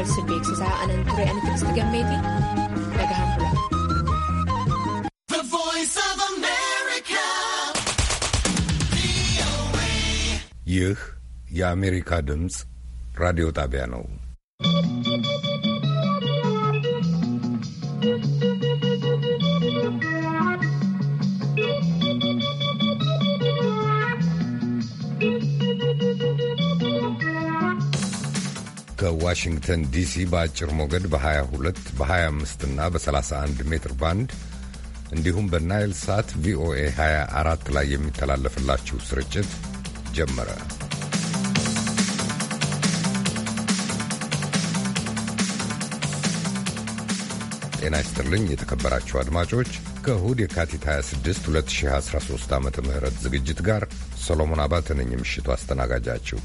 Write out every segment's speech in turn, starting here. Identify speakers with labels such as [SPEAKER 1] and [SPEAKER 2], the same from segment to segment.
[SPEAKER 1] The Voice of America. gammeeti dhagahan bula.
[SPEAKER 2] ይህ የአሜሪካ ድምፅ ራዲዮ ከዋሽንግተን ዲሲ በአጭር ሞገድ በ22 በ25 እና በ31 ሜትር ባንድ እንዲሁም በናይል ሳት ቪኦኤ 24 ላይ የሚተላለፍላችሁ ስርጭት ጀመረ። ጤና ይስጥልኝ የተከበራችሁ አድማጮች ከእሁድ የካቲት 26 2013 ዓ ም ዝግጅት ጋር ሰሎሞን አባተ ነኝ የምሽቱ አስተናጋጃችሁ።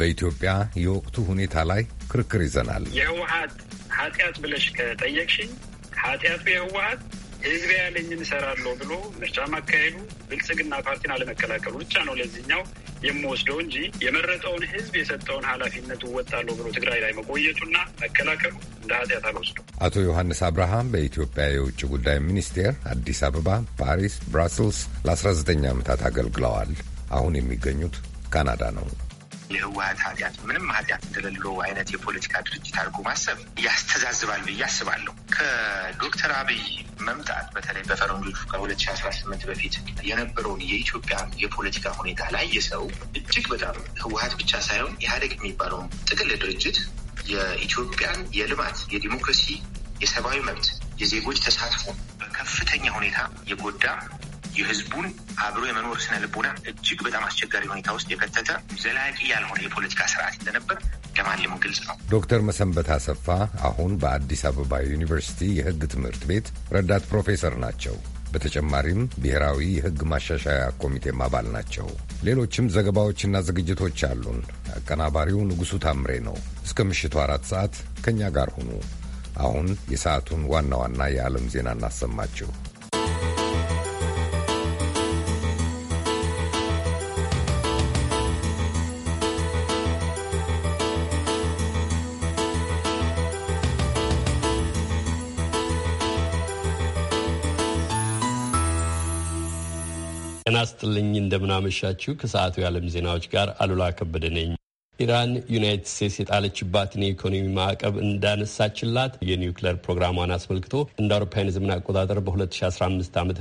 [SPEAKER 2] በኢትዮጵያ የወቅቱ ሁኔታ ላይ ክርክር ይዘናል።
[SPEAKER 3] የህወሀት ኃጢአት ብለሽ ከጠየቅሽኝ ኃጢአቱ የህወሀት ህዝብ ያለኝን እሰራለሁ ብሎ ምርጫ ማካሄዱ ብልጽግና ፓርቲን አለመቀላቀሉ ብቻ ነው ለዚህኛው የምወስደው እንጂ የመረጠውን ህዝብ የሰጠውን ኃላፊነት እወጣለሁ ብሎ ትግራይ ላይ መቆየቱና መከላከሉ እንደ ኃጢአት አልወስደው።
[SPEAKER 2] አቶ ዮሐንስ አብርሃም በኢትዮጵያ የውጭ ጉዳይ ሚኒስቴር አዲስ አበባ፣ ፓሪስ፣ ብራስልስ ለ19 ዓመታት አገልግለዋል። አሁን የሚገኙት ካናዳ ነው። ለህወሀት ኃጢአት ምንም ኃጢአት እንደሌለው አይነት የፖለቲካ ድርጅት አድርጎ
[SPEAKER 1] ማሰብ ያስተዛዝባል ብዬ አስባለሁ። ከዶክተር አብይ መምጣት በተለይ በፈረንጆቹ ከሁለት ሺህ አስራ ስምንት በፊት የነበረውን የኢትዮጵያ የፖለቲካ ሁኔታ ላይ የሰው እጅግ በጣም ህወሀት ብቻ ሳይሆን ኢህአዴግ የሚባለውን ጥቅል ድርጅት የኢትዮጵያን የልማት የዲሞክራሲ የሰብአዊ መብት የዜጎች ተሳትፎ በከፍተኛ ሁኔታ የጎዳ የህዝቡን አብሮ የመኖር ስነ ልቦና እጅግ በጣም አስቸጋሪ
[SPEAKER 2] ሁኔታ ውስጥ የከተተ ዘላቂ ያልሆነ የፖለቲካ ስርዓት እንደነበር ለማንም ግልጽ ነው። ዶክተር መሰንበት አሰፋ አሁን በአዲስ አበባ ዩኒቨርሲቲ የህግ ትምህርት ቤት ረዳት ፕሮፌሰር ናቸው። በተጨማሪም ብሔራዊ የህግ ማሻሻያ ኮሚቴም አባል ናቸው። ሌሎችም ዘገባዎችና ዝግጅቶች አሉን። አቀናባሪው ንጉሡ ታምሬ ነው። እስከ ምሽቱ አራት ሰዓት ከእኛ ጋር ሁኑ። አሁን የሰዓቱን ዋና ዋና የዓለም ዜና እናሰማችሁ።
[SPEAKER 4] እንደምናመሻችው ከሰዓቱ የዓለም ዜናዎች ጋር አሉላ ከበደ ነኝ። ኢራን ዩናይትድ ስቴትስ የጣለችባትን የኢኮኖሚ ማዕቀብ እንዳነሳችላት የኒውክሌር ፕሮግራሟን አስመልክቶ እንደ አውሮፓውያን ዘመን አቆጣጠር በ2015 ዓ ም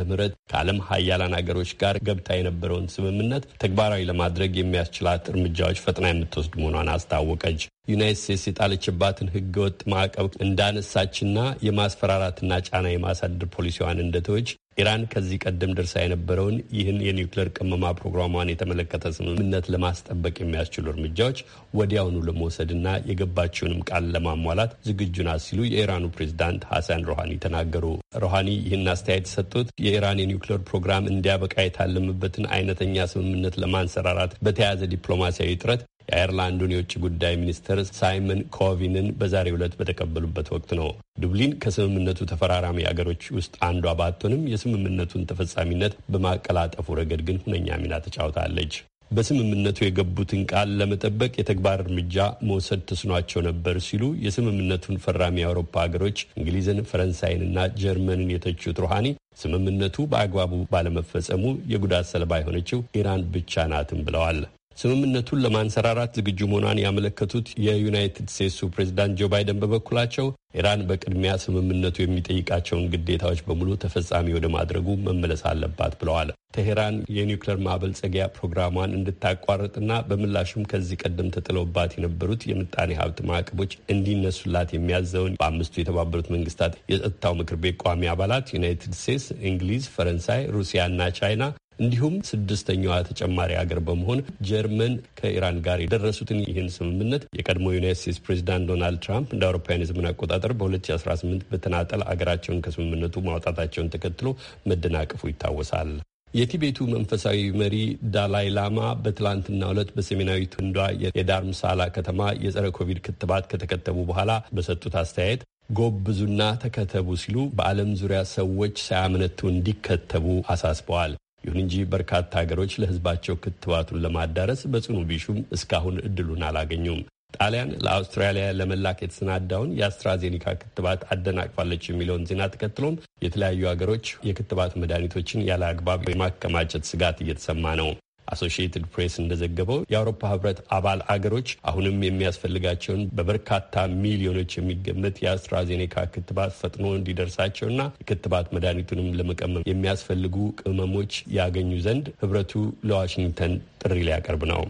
[SPEAKER 4] ከዓለም ሀያላን ሀገሮች ጋር ገብታ የነበረውን ስምምነት ተግባራዊ ለማድረግ የሚያስችላት እርምጃዎች ፈጥና የምትወስድ መሆኗን አስታወቀች። ዩናይት ስቴትስ የጣለችባትን ህገወጥ ማዕቀብ እንዳነሳችና የማስፈራራትና ጫና የማሳደር ፖሊሲዋን እንደተወች ኢራን ከዚህ ቀደም ደርሳ የነበረውን ይህን የኒውክሌር ቅመማ ፕሮግራሟን የተመለከተ ስምምነት ለማስጠበቅ የሚያስችሉ እርምጃዎች ወዲያውኑ ለመውሰድና የገባችውንም ቃል ለማሟላት ዝግጁ ናት ሲሉ የኢራኑ ፕሬዚዳንት ሐሰን ሮሃኒ ተናገሩ። ሮሃኒ ይህን አስተያየት የሰጡት የኢራን የኒውክሌር ፕሮግራም እንዲያበቃ የታለምበትን አይነተኛ ስምምነት ለማንሰራራት በተያያዘ ዲፕሎማሲያዊ ጥረት የአይርላንዱን የውጭ ጉዳይ ሚኒስትር ሳይመን ኮቪንን በዛሬው ዕለት በተቀበሉበት ወቅት ነው። ዱብሊን ከስምምነቱ ተፈራራሚ አገሮች ውስጥ አንዷ ባትሆንም የስምምነቱን ተፈጻሚነት በማቀላጠፉ ረገድ ግን ሁነኛ ሚና ተጫውታለች። በስምምነቱ የገቡትን ቃል ለመጠበቅ የተግባር እርምጃ መውሰድ ተስኗቸው ነበር ሲሉ የስምምነቱን ፈራሚ የአውሮፓ ሀገሮች እንግሊዝን፣ ፈረንሳይንና ጀርመንን የተቹት ሩሃኒ ስምምነቱ በአግባቡ ባለመፈጸሙ የጉዳት ሰለባ የሆነችው ኢራን ብቻ ናትም ብለዋል። ስምምነቱን ለማንሰራራት ዝግጁ መሆኗን ያመለከቱት የዩናይትድ ስቴትሱ ፕሬዚዳንት ጆ ባይደን በበኩላቸው ኢራን በቅድሚያ ስምምነቱ የሚጠይቃቸውን ግዴታዎች በሙሉ ተፈጻሚ ወደ ማድረጉ መመለስ አለባት ብለዋል። ቴሄራን የኒውክሌር ማበልጸጊያ ፕሮግራሟን እንድታቋርጥና በምላሹም ከዚህ ቀደም ተጥለውባት የነበሩት የምጣኔ ሀብት ማዕቀቦች እንዲነሱላት የሚያዘውን በአምስቱ የተባበሩት መንግስታት የጸጥታው ምክር ቤት ቋሚ አባላት ዩናይትድ ስቴትስ፣ እንግሊዝ፣ ፈረንሳይ፣ ሩሲያና ቻይና እንዲሁም ስድስተኛዋ ተጨማሪ ሀገር በመሆን ጀርመን ከኢራን ጋር የደረሱትን ይህን ስምምነት የቀድሞ ዩናይት ስቴትስ ፕሬዚዳንት ዶናልድ ትራምፕ እንደ አውሮፓውያን የዘመን አቆጣጠር በ2018 በተናጠል አገራቸውን ከስምምነቱ ማውጣታቸውን ተከትሎ መደናቀፉ ይታወሳል። የቲቤቱ መንፈሳዊ መሪ ዳላይ ላማ በትላንትና ዕለት በሰሜናዊ ህንዷ የዳርምሳላ ከተማ የጸረ ኮቪድ ክትባት ከተከተቡ በኋላ በሰጡት አስተያየት ጎብዙና ተከተቡ ሲሉ በዓለም ዙሪያ ሰዎች ሳያመነቱ እንዲከተቡ አሳስበዋል። ይሁን እንጂ በርካታ ሀገሮች ለህዝባቸው ክትባቱን ለማዳረስ በጽኑ ቢሹም እስካሁን እድሉን አላገኙም። ጣሊያን ለአውስትራሊያ ለመላክ የተሰናዳውን የአስትራዜኒካ ክትባት አደናቅፋለች የሚለውን ዜና ተከትሎም የተለያዩ ሀገሮች የክትባት መድኃኒቶችን ያለ አግባብ የማከማቸት ስጋት እየተሰማ ነው። አሶሺየትድ ፕሬስ እንደዘገበው የአውሮፓ ህብረት አባል አገሮች አሁንም የሚያስፈልጋቸውን በበርካታ ሚሊዮኖች የሚገመት የአስትራዜኔካ ክትባት ፈጥኖ እንዲደርሳቸውና የክትባት መድኃኒቱንም ለመቀመም የሚያስፈልጉ ቅመሞች ያገኙ ዘንድ ህብረቱ ለዋሽንግተን ጥሪ ሊያቀርብ ነው።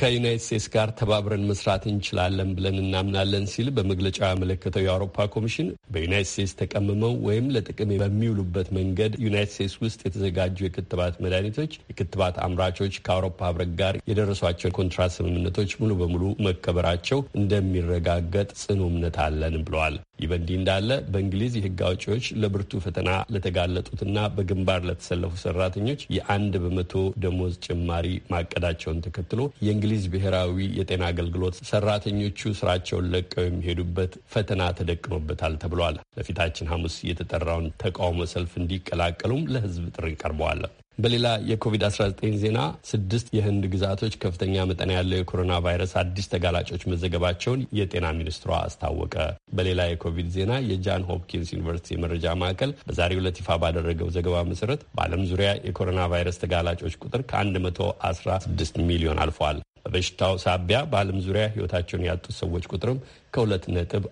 [SPEAKER 4] ከዩናይት ስቴትስ ጋር ተባብረን መስራት እንችላለን ብለን እናምናለን ሲል በመግለጫው ያመለከተው የአውሮፓ ኮሚሽን በዩናይት ስቴትስ ተቀምመው ወይም ለጥቅም በሚውሉበት መንገድ ዩናይት ስቴትስ ውስጥ የተዘጋጁ የክትባት መድኃኒቶች የክትባት አምራቾች ከአውሮፓ ሕብረት ጋር የደረሷቸው ኮንትራት ስምምነቶች ሙሉ በሙሉ መከበራቸው እንደሚረጋገጥ ጽኑ እምነት አለን ብለዋል። ይህ በእንዲህ እንዳለ በእንግሊዝ የህግ አውጪዎች ለብርቱ ፈተና ለተጋለጡትና በግንባር ለተሰለፉ ሰራተኞች የአንድ በመቶ ደሞዝ ጭማሪ ማቀዳቸውን ተከትሎ የእንግሊዝ ብሔራዊ የጤና አገልግሎት ሰራተኞቹ ስራቸውን ለቀው የሚሄዱበት ፈተና ተደቅኖበታል ተብሏል። ለፊታችን ሐሙስ የተጠራውን ተቃውሞ ሰልፍ እንዲቀላቀሉም ለህዝብ ጥሪ ቀርበዋል። በሌላ የኮቪድ-19 ዜና ስድስት የህንድ ግዛቶች ከፍተኛ መጠን ያለው የኮሮና ቫይረስ አዲስ ተጋላጮች መዘገባቸውን የጤና ሚኒስትሯ አስታወቀ። በሌላ የኮቪድ ዜና የጃን ሆፕኪንስ ዩኒቨርሲቲ መረጃ ማዕከል በዛሬ ዕለት ይፋ ባደረገው ዘገባ መሰረት በዓለም ዙሪያ የኮሮና ቫይረስ ተጋላጮች ቁጥር ከ116 ሚሊዮን አልፏል። በበሽታው ሳቢያ በዓለም ዙሪያ ህይወታቸውን ያጡት ሰዎች ቁጥርም ከ ነጥብ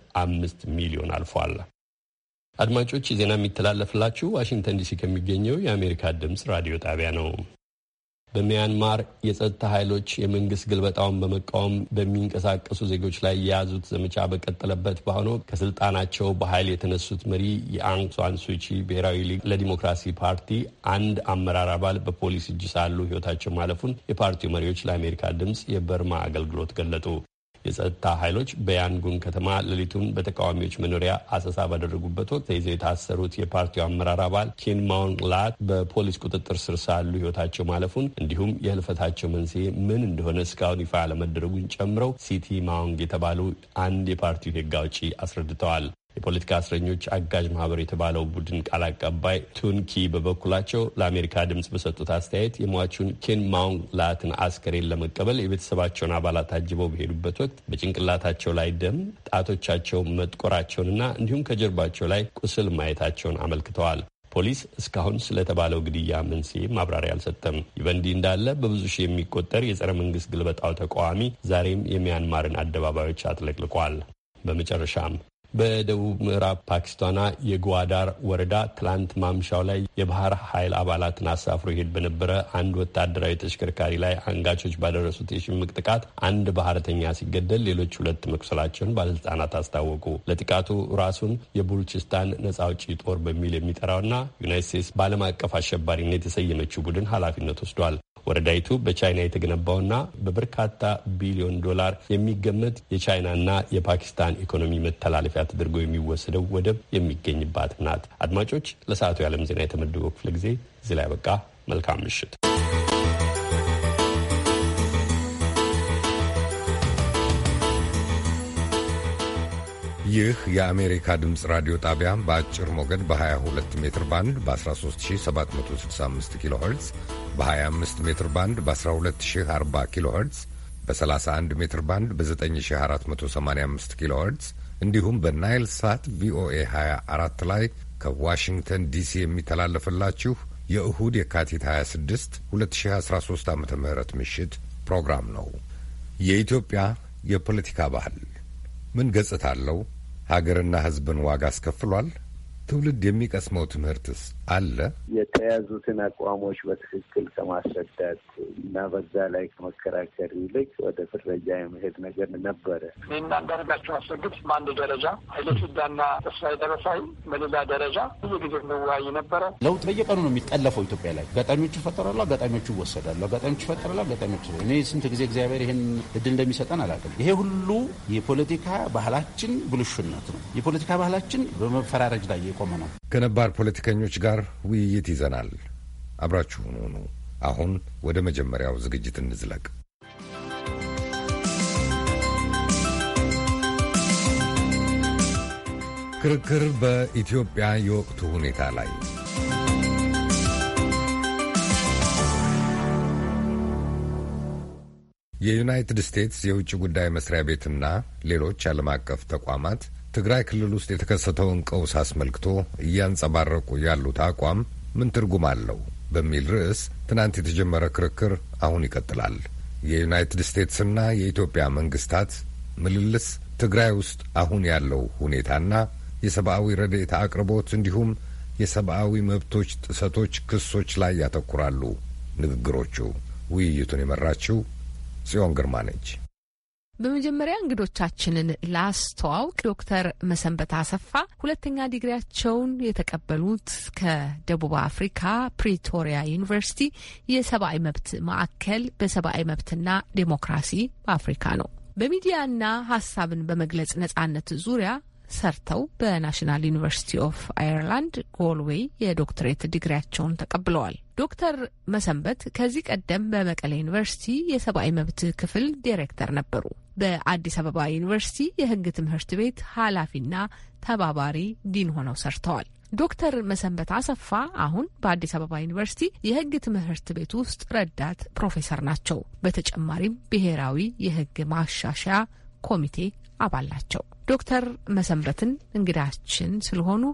[SPEAKER 4] ሚሊዮን አልፏል። አድማጮች ዜና የሚተላለፍላችሁ ዋሽንግተን ዲሲ ከሚገኘው የአሜሪካ ድምፅ ራዲዮ ጣቢያ ነው። በሚያንማር የጸጥታ ኃይሎች የመንግስት ግልበጣውን በመቃወም በሚንቀሳቀሱ ዜጎች ላይ የያዙት ዘመቻ በቀጠለበት በአሁኑ ከስልጣናቸው በኃይል የተነሱት መሪ የአንግ ሳን ብሔራዊ ሊግ ለዲሞክራሲ ፓርቲ አንድ አመራር አባል በፖሊስ እጅ ሳሉ ሕይወታቸው ማለፉን የፓርቲው መሪዎች ለአሜሪካ ድምፅ የበርማ አገልግሎት ገለጡ። የጸጥታ ኃይሎች በያንጉን ከተማ ሌሊቱን በተቃዋሚዎች መኖሪያ አሰሳ ባደረጉበት ወቅት ተይዘው የታሰሩት የፓርቲው አመራር አባል ኬን ማውንግ ላት በፖሊስ ቁጥጥር ስር ሳሉ ህይወታቸው ማለፉን እንዲሁም የህልፈታቸው መንስኤ ምን እንደሆነ እስካሁን ይፋ አለመደረጉን ጨምረው ሲቲ ማውንግ የተባሉ አንድ የፓርቲው ህግ አውጪ አስረድተዋል። የፖለቲካ እስረኞች አጋዥ ማህበር የተባለው ቡድን ቃል አቀባይ ቱንኪ በበኩላቸው ለአሜሪካ ድምፅ በሰጡት አስተያየት የሟቹን ኬን ማውንግ ላትን አስከሬን ለመቀበል የቤተሰባቸውን አባላት አጅበው በሄዱበት ወቅት በጭንቅላታቸው ላይ ደም፣ ጣቶቻቸው መጥቆራቸውንና እንዲሁም ከጀርባቸው ላይ ቁስል ማየታቸውን አመልክተዋል። ፖሊስ እስካሁን ስለተባለው ግድያ መንስኤ ማብራሪያ አልሰጠም። ይህ በእንዲህ እንዳለ በብዙ ሺህ የሚቆጠር የጸረ መንግስት ግልበጣው ተቃዋሚ ዛሬም የሚያንማርን አደባባዮች አጥለቅልቋል። በመጨረሻም በደቡብ ምዕራብ ፓኪስታኗ የጓዳር ወረዳ ትላንት ማምሻው ላይ የባህር ኃይል አባላትን አሳፍሮ ይሄድ በነበረ አንድ ወታደራዊ ተሽከርካሪ ላይ አንጋቾች ባደረሱት የሽምቅ ጥቃት አንድ ባህርተኛ ሲገደል ሌሎች ሁለት መቁሰላቸውን ባለስልጣናት አስታወቁ። ለጥቃቱ ራሱን የቡልችስታን ነጻ አውጪ ጦር በሚል የሚጠራውና ዩናይት ስቴትስ በዓለም አቀፍ አሸባሪነት የሰየመችው ቡድን ኃላፊነት ወስዷል። ወረዳይቱ በቻይና የተገነባውና በበርካታ ቢሊዮን ዶላር የሚገመት የቻይናና የፓኪስታን ኢኮኖሚ መተላለፊያ ተደርጎ የሚወሰደው ወደብ የሚገኝባት ናት። አድማጮች፣ ለሰዓቱ የዓለም ዜና የተመደበው ክፍለ ጊዜ እዚህ ላይ ያበቃ። መልካም ምሽት።
[SPEAKER 2] ይህ የአሜሪካ ድምፅ ራዲዮ ጣቢያ በአጭር ሞገድ በ22 ሜትር ባንድ በ13765 ኪሎ ኸርትዝ በ25 ሜትር ባንድ በ1240 ኪሎ ኸርትዝ በ31 ሜትር ባንድ በ9485 ኪሎ ኸርትዝ እንዲሁም በናይል ሳት ቪኦኤ 24 ላይ ከዋሽንግተን ዲሲ የሚተላለፍላችሁ የእሁድ የካቲት 26 2013 ዓ ም ምሽት ፕሮግራም ነው። የኢትዮጵያ የፖለቲካ ባህል ምን ገጽታ አለው? ሀገርና ሕዝብን ዋጋ አስከፍሏል? ትውልድ የሚቀስመው ትምህርትስ አለ።
[SPEAKER 5] የተያዙትን አቋሞች በትክክል ከማስረዳት እና በዛ ላይ ከመከራከር ይልቅ ወደ ፍረጃ የመሄድ ነገር ነበረ።
[SPEAKER 6] እኔና እንዳርጋቸው አስወግድ በአንድ ደረጃ ኃይለ ሱዳና ተስፋዬ ደረሳይ በሌላ ደረጃ ብዙ ጊዜ እንወያይ ነበረ።
[SPEAKER 7] ለውጥ በየቀኑ ነው የሚጠለፈው ኢትዮጵያ ላይ ገጣሚዎቹ ይፈጠራሉ፣ ገጣሚዎቹ ይወሰዳሉ፣ ገጣሚዎቹ ይፈጠራሉ፣ ገጣሚዎቹ እኔ ስንት ጊዜ እግዚአብሔር ይህን እድል እንደሚሰጠን አላውቅም። ይሄ ሁሉ የፖለቲካ ባህላችን ብልሹነት ነው። የፖለቲካ ባህላችን በመፈራረጅ ላይ የቆመ ነው።
[SPEAKER 2] ከነባር ፖለቲከኞች ጋር ውይይት ይዘናል። አብራችሁን ሁኑ። አሁን ወደ መጀመሪያው ዝግጅት እንዝለቅ። ክርክር በኢትዮጵያ የወቅቱ ሁኔታ ላይ የዩናይትድ ስቴትስ የውጭ ጉዳይ መስሪያ ቤትና ሌሎች ዓለም አቀፍ ተቋማት ትግራይ ክልል ውስጥ የተከሰተውን ቀውስ አስመልክቶ እያንጸባረቁ ያሉት አቋም ምን ትርጉም አለው በሚል ርዕስ ትናንት የተጀመረ ክርክር አሁን ይቀጥላል። የዩናይትድ ስቴትስና የኢትዮጵያ መንግስታት ምልልስ ትግራይ ውስጥ አሁን ያለው ሁኔታና የሰብአዊ ረድኤት አቅርቦት እንዲሁም የሰብአዊ መብቶች ጥሰቶች ክሶች ላይ ያተኩራሉ ንግግሮቹ። ውይይቱን የመራችው ጽዮን ግርማ ነች።
[SPEAKER 8] በመጀመሪያ እንግዶቻችንን ላስተዋውቅ። ዶክተር መሰንበት አሰፋ ሁለተኛ ዲግሪያቸውን የተቀበሉት ከደቡብ አፍሪካ ፕሪቶሪያ ዩኒቨርሲቲ የሰብአዊ መብት ማዕከል በሰብአዊ መብትና ዴሞክራሲ በአፍሪካ ነው። በሚዲያና ሀሳብን በመግለጽ ነጻነት ዙሪያ ሰርተው በናሽናል ዩኒቨርሲቲ ኦፍ አየርላንድ ጎልዌይ የዶክትሬት ዲግሪያቸውን ተቀብለዋል። ዶክተር መሰንበት ከዚህ ቀደም በመቀሌ ዩኒቨርሲቲ የሰብአዊ መብት ክፍል ዲሬክተር ነበሩ። በአዲስ አበባ ዩኒቨርሲቲ የሕግ ትምህርት ቤት ኃላፊና ተባባሪ ዲን ሆነው ሰርተዋል። ዶክተር መሰንበት አሰፋ አሁን በአዲስ አበባ ዩኒቨርሲቲ የህግ ትምህርት ቤት ውስጥ ረዳት ፕሮፌሰር ናቸው። በተጨማሪም ብሔራዊ የህግ ማሻሻያ ኮሚቴ አባል ናቸው። ዶክተር መሰንበትን እንግዳችን ስለሆኑ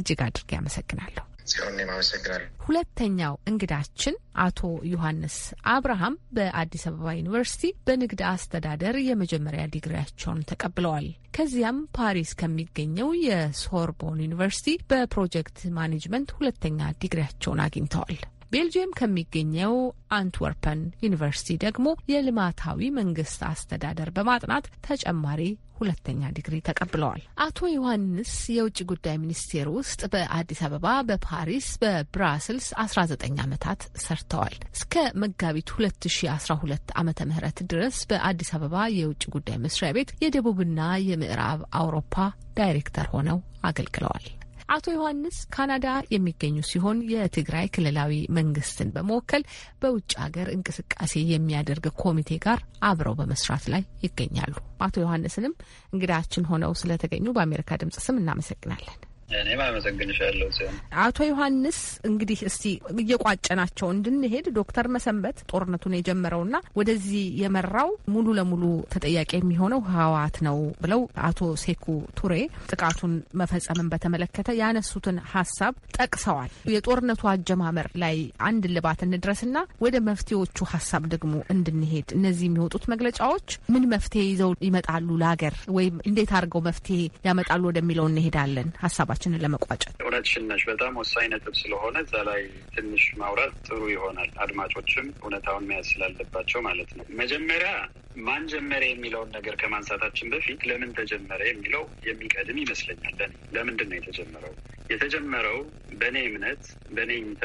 [SPEAKER 8] እጅግ አድርጌ አመሰግናለሁ።
[SPEAKER 1] ጽዮን አመሰግናለሁ።
[SPEAKER 8] ሁለተኛው እንግዳችን አቶ ዮሐንስ አብርሃም በአዲስ አበባ ዩኒቨርሲቲ በንግድ አስተዳደር የመጀመሪያ ዲግሪያቸውን ተቀብለዋል። ከዚያም ፓሪስ ከሚገኘው የሶርቦን ዩኒቨርሲቲ በፕሮጀክት ማኔጅመንት ሁለተኛ ዲግሪያቸውን አግኝተዋል። ቤልጅየም ከሚገኘው አንትወርፐን ዩኒቨርሲቲ ደግሞ የልማታዊ መንግስት አስተዳደር በማጥናት ተጨማሪ ሁለተኛ ዲግሪ ተቀብለዋል። አቶ ዮሐንስ የውጭ ጉዳይ ሚኒስቴር ውስጥ በአዲስ አበባ፣ በፓሪስ፣ በብራስልስ 19 ዓመታት ሰርተዋል። እስከ መጋቢት 2012 ዓመተ ምህረት ድረስ በአዲስ አበባ የውጭ ጉዳይ መስሪያ ቤት የደቡብና የምዕራብ አውሮፓ ዳይሬክተር ሆነው አገልግለዋል። አቶ ዮሐንስ ካናዳ የሚገኙ ሲሆን የትግራይ ክልላዊ መንግስትን በመወከል በውጭ ሀገር እንቅስቃሴ የሚያደርግ ኮሚቴ ጋር አብረው በመስራት ላይ ይገኛሉ። አቶ ዮሐንስንም እንግዳችን ሆነው ስለተገኙ በአሜሪካ ድምጽ ስም እናመሰግናለን።
[SPEAKER 3] እኔም አመሰግንሻለሁ ሲሆን
[SPEAKER 8] አቶ ዮሐንስ እንግዲህ እስቲ እየቋጨናቸው እንድንሄድ ዶክተር መሰንበት ጦርነቱን የጀመረውና ወደዚህ የመራው ሙሉ ለሙሉ ተጠያቂ የሚሆነው ህወሓት ነው ብለው አቶ ሴኩ ቱሬ ጥቃቱን መፈጸምን በተመለከተ ያነሱትን ሀሳብ ጠቅሰዋል። የጦርነቱ አጀማመር ላይ አንድ ልባት እንድረስና ወደ መፍትሄዎቹ ሀሳብ ደግሞ እንድንሄድ እነዚህ የሚወጡት መግለጫዎች ምን መፍትሄ ይዘው ይመጣሉ ለሀገር ወይም እንዴት አድርገው መፍትሄ ያመጣሉ ወደሚለው እንሄዳለን ሀሳባቸው ውይይታችንን ለመቋጨት።
[SPEAKER 3] እውነትሽን ነሽ። በጣም ወሳኝ ነጥብ ስለሆነ እዛ ላይ ትንሽ ማውራት ጥሩ ይሆናል። አድማጮችም እውነታውን መያዝ ስላለባቸው ማለት ነው። መጀመሪያ ማን ጀመረ የሚለውን ነገር ከማንሳታችን በፊት ለምን ተጀመረ የሚለው የሚቀድም ይመስለኛል። ለምንድን ነው የተጀመረው? የተጀመረው በእኔ እምነት በእኔ እይታ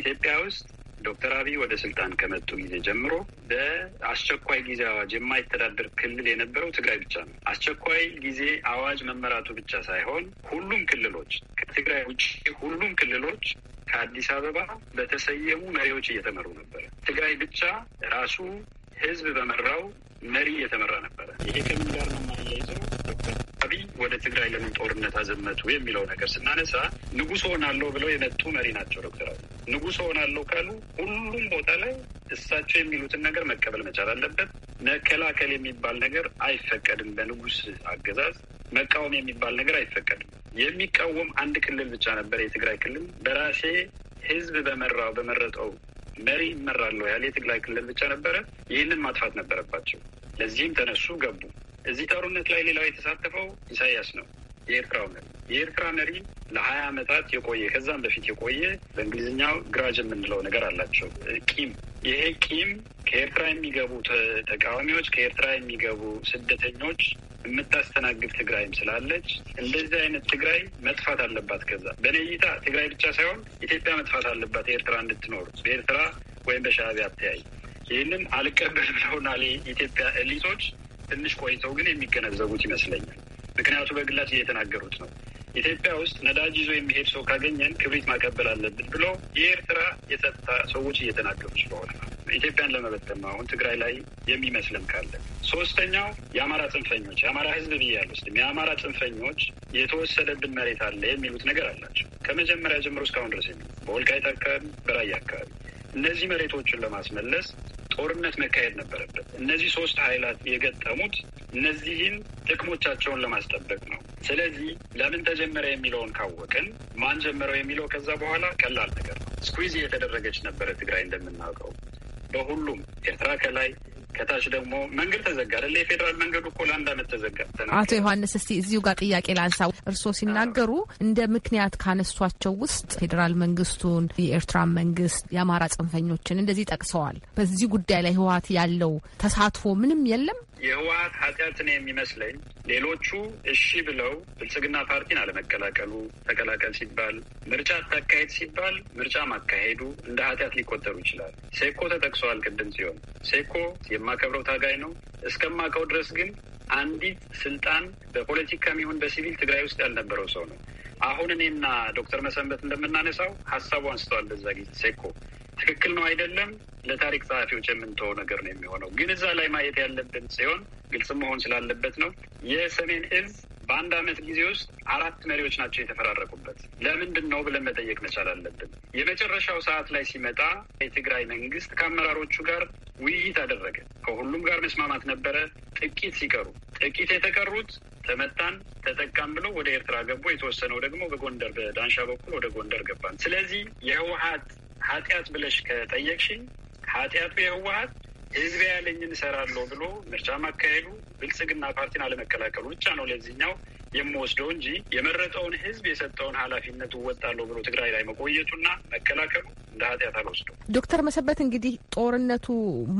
[SPEAKER 3] ኢትዮጵያ ውስጥ ዶክተር አብይ ወደ ስልጣን ከመጡ ጊዜ ጀምሮ በአስቸኳይ ጊዜ አዋጅ የማይተዳደር ክልል የነበረው ትግራይ ብቻ ነው። አስቸኳይ ጊዜ አዋጅ መመራቱ ብቻ ሳይሆን ሁሉም ክልሎች ከትግራይ ውጭ ሁሉም ክልሎች ከአዲስ አበባ በተሰየሙ መሪዎች እየተመሩ ነበረ። ትግራይ ብቻ ራሱ ህዝብ በመራው
[SPEAKER 2] መሪ እየተመራ ነበረ። ይሄ ከምን ጋር ነው ማያይዘው? ዶክተር አብይ ወደ ትግራይ ለምን
[SPEAKER 3] ጦርነት አዘመቱ የሚለው ነገር ስናነሳ ንጉሥ ሆናለሁ ብለው የመጡ መሪ ናቸው ዶክተር አብይ ንጉሥ ሆናለሁ ካሉ ሁሉም ቦታ ላይ እሳቸው የሚሉትን ነገር መቀበል መቻል አለበት። መከላከል የሚባል ነገር አይፈቀድም። በንጉሥ አገዛዝ መቃወም የሚባል ነገር አይፈቀድም። የሚቃወም አንድ ክልል ብቻ ነበር፣ የትግራይ ክልል። በራሴ ህዝብ በመራው በመረጠው መሪ ይመራለሁ ያለ የትግራይ ክልል ብቻ ነበረ። ይህንን ማጥፋት ነበረባቸው። ለዚህም ተነሱ፣ ገቡ። እዚህ ጦርነት ላይ ሌላው የተሳተፈው ኢሳያስ ነው። የኤርትራው መሪ የኤርትራ መሪ ለሀያ ዓመታት የቆየ ከዛም በፊት የቆየ በእንግሊዝኛው ግራጅ የምንለው ነገር አላቸው ቂም። ይሄ ቂም ከኤርትራ የሚገቡ ተቃዋሚዎች፣ ከኤርትራ የሚገቡ ስደተኞች የምታስተናግድ ትግራይም ስላለች እንደዚህ አይነት ትግራይ መጥፋት አለባት። ከዛ በእኔ እይታ ትግራይ ብቻ ሳይሆን ኢትዮጵያ መጥፋት አለባት ኤርትራ እንድትኖር በኤርትራ ወይም በሻዕቢያ አተያይ ይህንን አልቀበል ብለውናል የኢትዮጵያ ኤሊቶች። ትንሽ ቆይተው ግን የሚገነዘቡት ይመስለኛል። ምክንያቱ በግላጭ እየተናገሩት ነው። ኢትዮጵያ ውስጥ ነዳጅ ይዞ የሚሄድ ሰው ካገኘን ክብሪት ማቀበል አለብን ብሎ የኤርትራ የጸጥታ ሰዎች እየተናገሩ ስለሆነ ኢትዮጵያን ለመበተን ነው። አሁን ትግራይ ላይ የሚመስልም ካለ ሶስተኛው የአማራ ጽንፈኞች የአማራ ህዝብ ብዬ አልወስድም። የአማራ ጽንፈኞች የተወሰደብን መሬት አለ የሚሉት ነገር አላቸው ከመጀመሪያ ጀምሮ እስካሁን ድረስ የሚ በወልቃይት አካባቢ፣ በራያ አካባቢ እነዚህ መሬቶችን ለማስመለስ ጦርነት መካሄድ ነበረበት። እነዚህ ሶስት ኃይላት የገጠሙት እነዚህን ጥቅሞቻቸውን ለማስጠበቅ ነው። ስለዚህ ለምን ተጀመረ የሚለውን ካወቅን ማን ጀመረው የሚለው ከዛ በኋላ ቀላል ነገር ነው። ስኩዝ የተደረገች ነበረ ትግራይ እንደምናውቀው በሁሉም ኤርትራ ከላይ
[SPEAKER 8] ከታች ደግሞ መንገድ ተዘጋ አደለ? የፌዴራል መንገዱ እኮ ለአንድ አመት ተዘጋ። አቶ ዮሐንስ እስቲ እዚሁ ጋር ጥያቄ ላንሳ። እርስዎ ሲናገሩ እንደ ምክንያት ካነሷቸው ውስጥ ፌዴራል መንግስቱን፣ የኤርትራ መንግስት፣ የአማራ ጽንፈኞችን እንደዚህ ጠቅሰዋል። በዚህ ጉዳይ ላይ ህወሀት ያለው ተሳትፎ ምንም የለም
[SPEAKER 3] የህወሀት ኃጢአት ነው የሚመስለኝ ሌሎቹ እሺ ብለው ብልጽግና ፓርቲን አለመቀላቀሉ፣ ተቀላቀል ሲባል ምርጫ አታካሄድ ሲባል ምርጫ ማካሄዱ እንደ ኃጢአት ሊቆጠሩ ይችላል። ሴኮ ተጠቅሰዋል ቅድም ሲሆን ሴኮ የማከብረው ታጋይ ነው። እስከማውቀው ድረስ ግን አንዲት ስልጣን በፖለቲካም ይሁን በሲቪል ትግራይ ውስጥ ያልነበረው ሰው ነው። አሁን እኔና ዶክተር መሰንበት እንደምናነሳው ሀሳቡ አንስተዋል። በዛ ጊዜ ሴኮ ትክክል ነው አይደለም፣ ለታሪክ ጸሐፊዎች የምንተው ነገር ነው የሚሆነው። ግን እዛ ላይ ማየት ያለብን ሲሆን ግልጽ መሆን ስላለበት ነው የሰሜን እዝ በአንድ አመት ጊዜ ውስጥ አራት መሪዎች ናቸው የተፈራረቁበት። ለምንድን ነው ብለን መጠየቅ መቻል አለብን። የመጨረሻው ሰዓት ላይ ሲመጣ የትግራይ መንግስት ከአመራሮቹ ጋር ውይይት አደረገ። ከሁሉም ጋር መስማማት ነበረ። ጥቂት ሲቀሩ ጥቂት የተቀሩት ተመታን፣ ተጠቃም ብለው ወደ ኤርትራ ገቡ። የተወሰነው ደግሞ በጎንደር በዳንሻ በኩል ወደ ጎንደር ገባን። ስለዚህ የህወሀት ኃጢአት ብለሽ ከጠየቅሽኝ ኃጢአቱ የህወሀት ህዝብ ያለኝን እሰራለሁ ብሎ ምርጫ ማካሄዱ ብልጽግና ፓርቲን አለመቀላቀሉ ብቻ ነው ለዚህኛው የምወስደው እንጂ የመረጠውን ህዝብ የሰጠውን ኃላፊነት እወጣለሁ ብሎ ትግራይ ላይ መቆየቱና መከላከሉ እንደ ኃጢአት አልወስደው።
[SPEAKER 8] ዶክተር መሰበት እንግዲህ ጦርነቱ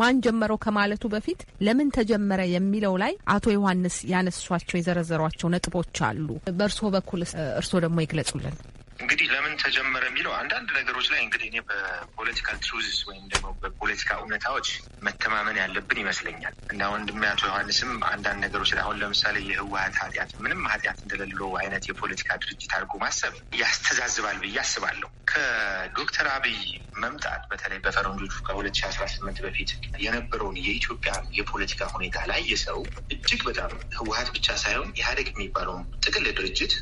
[SPEAKER 8] ማን ጀመረው ከማለቱ በፊት ለምን ተጀመረ የሚለው ላይ አቶ ዮሐንስ ያነሷቸው የዘረዘሯቸው ነጥቦች አሉ። በእርስዎ በኩል እርስዎ ደግሞ ይግለጹልን።
[SPEAKER 1] እንግዲህ ለምን ተጀመረ የሚለው አንዳንድ ነገሮች ላይ እንግዲህ እኔ በፖለቲካል ትሩዝስ ወይም ደግሞ በፖለቲካ እውነታዎች መተማመን ያለብን ይመስለኛል እና ወንድሜ አቶ ዮሐንስም አንዳንድ ነገሮች ላይ አሁን ለምሳሌ የህወሀት ኃጢአት ምንም ኃጢአት እንደሌለው አይነት የፖለቲካ ድርጅት አድርጎ ማሰብ ያስተዛዝባል ብዬ አስባለሁ። ከዶክተር አብይ መምጣት በተለይ በፈረንጆቹ ከሁለት 2018 አስራ ስምንት በፊት የነበረውን የኢትዮጵያ የፖለቲካ ሁኔታ ላይ የሰው እጅግ በጣም ህወሀት ብቻ ሳይሆን ኢህአዴግ የሚባለውን ጥቅል ድርጅት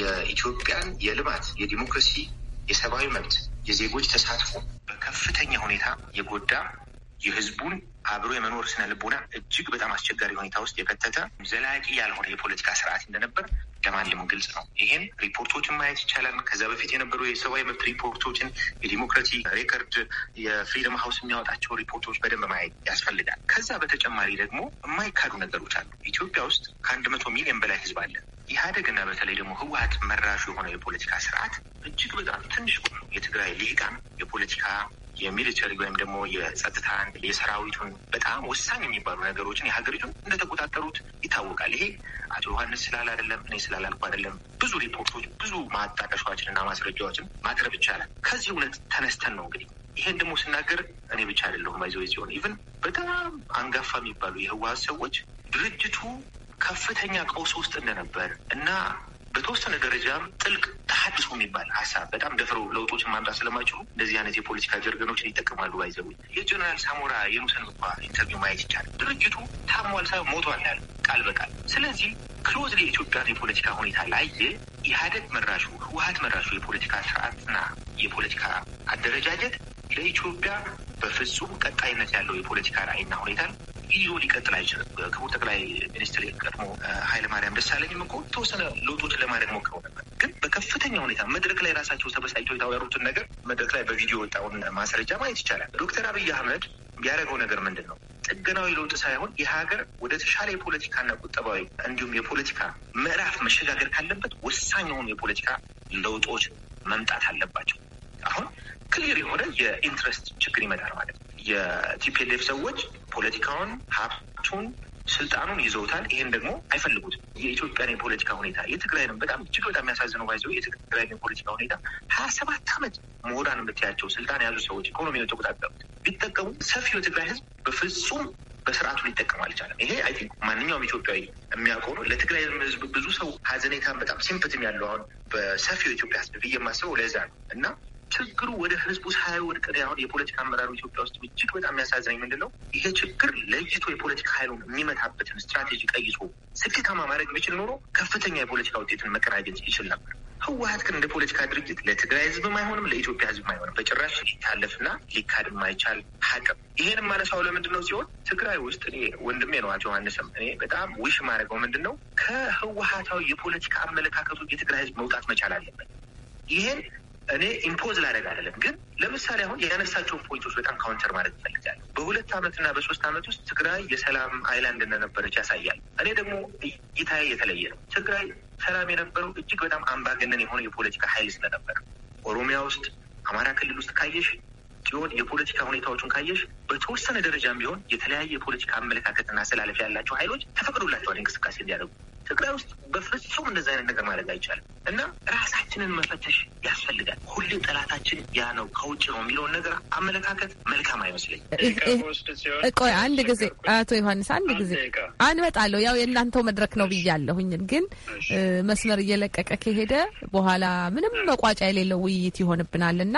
[SPEAKER 1] የኢትዮጵያን የልማት የዲሞክራሲ፣ የሰብአዊ መብት፣ የዜጎች ተሳትፎ በከፍተኛ ሁኔታ የጎዳ የህዝቡን አብሮ የመኖር ስነ ልቦና እጅግ በጣም አስቸጋሪ ሁኔታ ውስጥ የከተተ ዘላቂ ያልሆነ የፖለቲካ ስርዓት እንደነበር ለማንም ግልጽ ነው። ይሄን ሪፖርቶችን ማየት ይቻላል። ከዛ በፊት የነበሩ የሰብአዊ መብት ሪፖርቶችን፣ የዲሞክራሲ ሬከርድ፣ የፍሪደም ሀውስ የሚያወጣቸው ሪፖርቶች በደንብ ማየት ያስፈልጋል። ከዛ በተጨማሪ ደግሞ የማይካዱ ነገሮች አሉ። ኢትዮጵያ ውስጥ ከአንድ መቶ ሚሊዮን በላይ ህዝብ አለ። ኢህአዴግና በተለይ ደግሞ ህወሀት መራሹ የሆነ የፖለቲካ ስርዓት እጅግ በጣም ትንሽ ቁም የትግራይ ልሂቃን የፖለቲካ የሚሊተሪ ወይም ደግሞ የጸጥታን የሰራዊቱን በጣም ወሳኝ የሚባሉ ነገሮችን የሀገሪቱን እንደተቆጣጠሩት ይታወቃል። ይሄ አቶ ዮሐንስ ስላል አይደለም እኔ ስላላልኩ አይደለም። ብዙ ሪፖርቶች፣ ብዙ ማጣቀሻዎችን እና ማስረጃዎችን ማቅረብ ይቻላል። ከዚህ እውነት ተነስተን ነው እንግዲህ ይሄን ደግሞ ስናገር እኔ ብቻ አይደለሁም። ይዘ ሲሆን ኢቭን በጣም አንጋፋ የሚባሉ የህወሀት ሰዎች ድርጅቱ ከፍተኛ ቀውስ ውስጥ እንደነበር እና በተወሰነ ደረጃም ጥልቅ ተሀድሶ የሚባል ሀሳብ በጣም ደፍረው ለውጦችን ማምጣት ስለማይችሉ እንደዚህ አይነት የፖለቲካ ጀርገኖችን ይጠቀማሉ። ባይዘቡ የጀነራል ሳሞራ የኑሰን እንኳ ኢንተርቪው ማየት ይቻላል። ድርጅቱ ታሟል ሳይሆን ሞቷል ያለ ቃል በቃል። ስለዚህ ክሎዝ የኢትዮጵያን የፖለቲካ ሁኔታ ላየ ኢህአዴግ መራሹ ህወሀት መራሹ የፖለቲካ ስርዓትና የፖለቲካ አደረጃጀት ለኢትዮጵያ በፍጹም ቀጣይነት ያለው የፖለቲካ ራዕይና ሁኔታን ይዞ ሊቀጥል አይችልም። ክቡር ጠቅላይ ሚኒስትር ቀድሞ ኃይለማርያም ደሳለኝም እኮ ተወሰነ ለውጦች ለማድረግ ሞክረው ነበር። ግን በከፍተኛ ሁኔታ መድረክ ላይ ራሳቸው ተበሳጭተው የታወሩትን ነገር መድረክ ላይ በቪዲዮ የወጣውን ማስረጃ ማየት ይቻላል። ዶክተር አብይ አህመድ ያደረገው ነገር ምንድን ነው? ጥገናዊ ለውጥ ሳይሆን የሀገር ወደ ተሻለ የፖለቲካና ቁጠባዊ እንዲሁም የፖለቲካ ምዕራፍ መሸጋገር ካለበት ወሳኝ የሆኑ የፖለቲካ ለውጦች መምጣት አለባቸው። አሁን ክሊር የሆነ የኢንትረስት ችግር ይመጣል ማለት ነው። የቲፒኤልኤፍ ሰዎች ፖለቲካውን፣ ሀብቱን፣ ስልጣኑን ይዘውታል። ይሄን ደግሞ አይፈልጉትም። የኢትዮጵያን የፖለቲካ ሁኔታ የትግራይንም በጣም እጅግ በጣም የሚያሳዝነው ባይዘው የትግራይን የፖለቲካ ሁኔታ ሀያ ሰባት አመት ምሁራን የምትያቸው ስልጣን የያዙ ሰዎች ኢኮኖሚ የተቆጣጠሩት ቢጠቀሙ ሰፊው የትግራይ ህዝብ በፍጹም በስርዓቱ ሊጠቀም አልቻለም። ይሄ አይ ቲንክ ማንኛውም ኢትዮጵያዊ የሚያውቀው ነው። ለትግራይ ህዝብ ብዙ ሰው ሀዘኔታን በጣም ሲምፕትም ያለው አሁን በሰፊው ኢትዮጵያ ህዝብ ብዬ የማስበው ለዛ ነው እና ችግሩ ወደ ህዝቡ ሳይወድቅ አሁን የፖለቲካ አመራሩ ኢትዮጵያ ውስጥ እጅግ በጣም የሚያሳዝነኝ ምንድን ነው ይሄ ችግር ለይቶ የፖለቲካ ኃይሉን የሚመታበትን ስትራቴጂ ቀይሶ ስኬታማ ማድረግ ቢችል ኖሮ ከፍተኛ የፖለቲካ ውጤትን መቀዳጀት ይችል ነበር። ህወሀት ግን እንደ ፖለቲካ ድርጅት ለትግራይ ህዝብም አይሆንም፣ ለኢትዮጵያ ህዝብም አይሆንም። በጭራሽ ሊታለፍና ሊካድ የማይቻል ሀቅም ይሄን ማነሳው ለምንድን ነው ሲሆን ትግራይ ውስጥ እኔ ወንድሜ ነው አቶ ዮሐንስም እኔ በጣም ውሽ ማድረገው ምንድን ነው ከህወሀታዊ የፖለቲካ አመለካከቱ የትግራይ ህዝብ መውጣት መቻል አለበት። ይህን እኔ ኢምፖዝ ላደረግ አይደለም፣ ግን ለምሳሌ አሁን ያነሳቸውን ፖይንቶች በጣም ካውንተር ማድረግ ይፈልጋል። በሁለት ዓመትና በሶስት ዓመት ውስጥ ትግራይ የሰላም አይላንድ እንደነበረች ያሳያል። እኔ ደግሞ እይታዬ የተለየ ነው። ትግራይ ሰላም የነበረው እጅግ በጣም አምባገነን የሆነ የፖለቲካ ኃይል ስለነበረ ኦሮሚያ ውስጥ፣ አማራ ክልል ውስጥ ካየሽ ሲሆን የፖለቲካ ሁኔታዎቹን ካየሽ በተወሰነ ደረጃም ቢሆን የተለያየ የፖለቲካ አመለካከትና አሰላለፍ ያላቸው ኃይሎች ተፈቅዶላቸዋል እንቅስቃሴ እንዲያደርጉ ትግራይ ውስጥ በፍጹም እንደዚ አይነት ነገር ማድረግ አይቻልም እና ራሳችንን መፈተሽ ያስፈልጋል። ሁሌ ጠላታችን ያ ነው ከውጭ ነው የሚለውን ነገር አመለካከት መልካም አይመስለኝ።
[SPEAKER 8] ቆይ አንድ ጊዜ አቶ ዮሐንስ አንድ ጊዜ አንመጣለሁ። ያው የእናንተው መድረክ ነው ብያለሁኝ፣ ግን መስመር እየለቀቀ ከሄደ በኋላ ምንም መቋጫ የሌለው ውይይት ይሆንብናል እና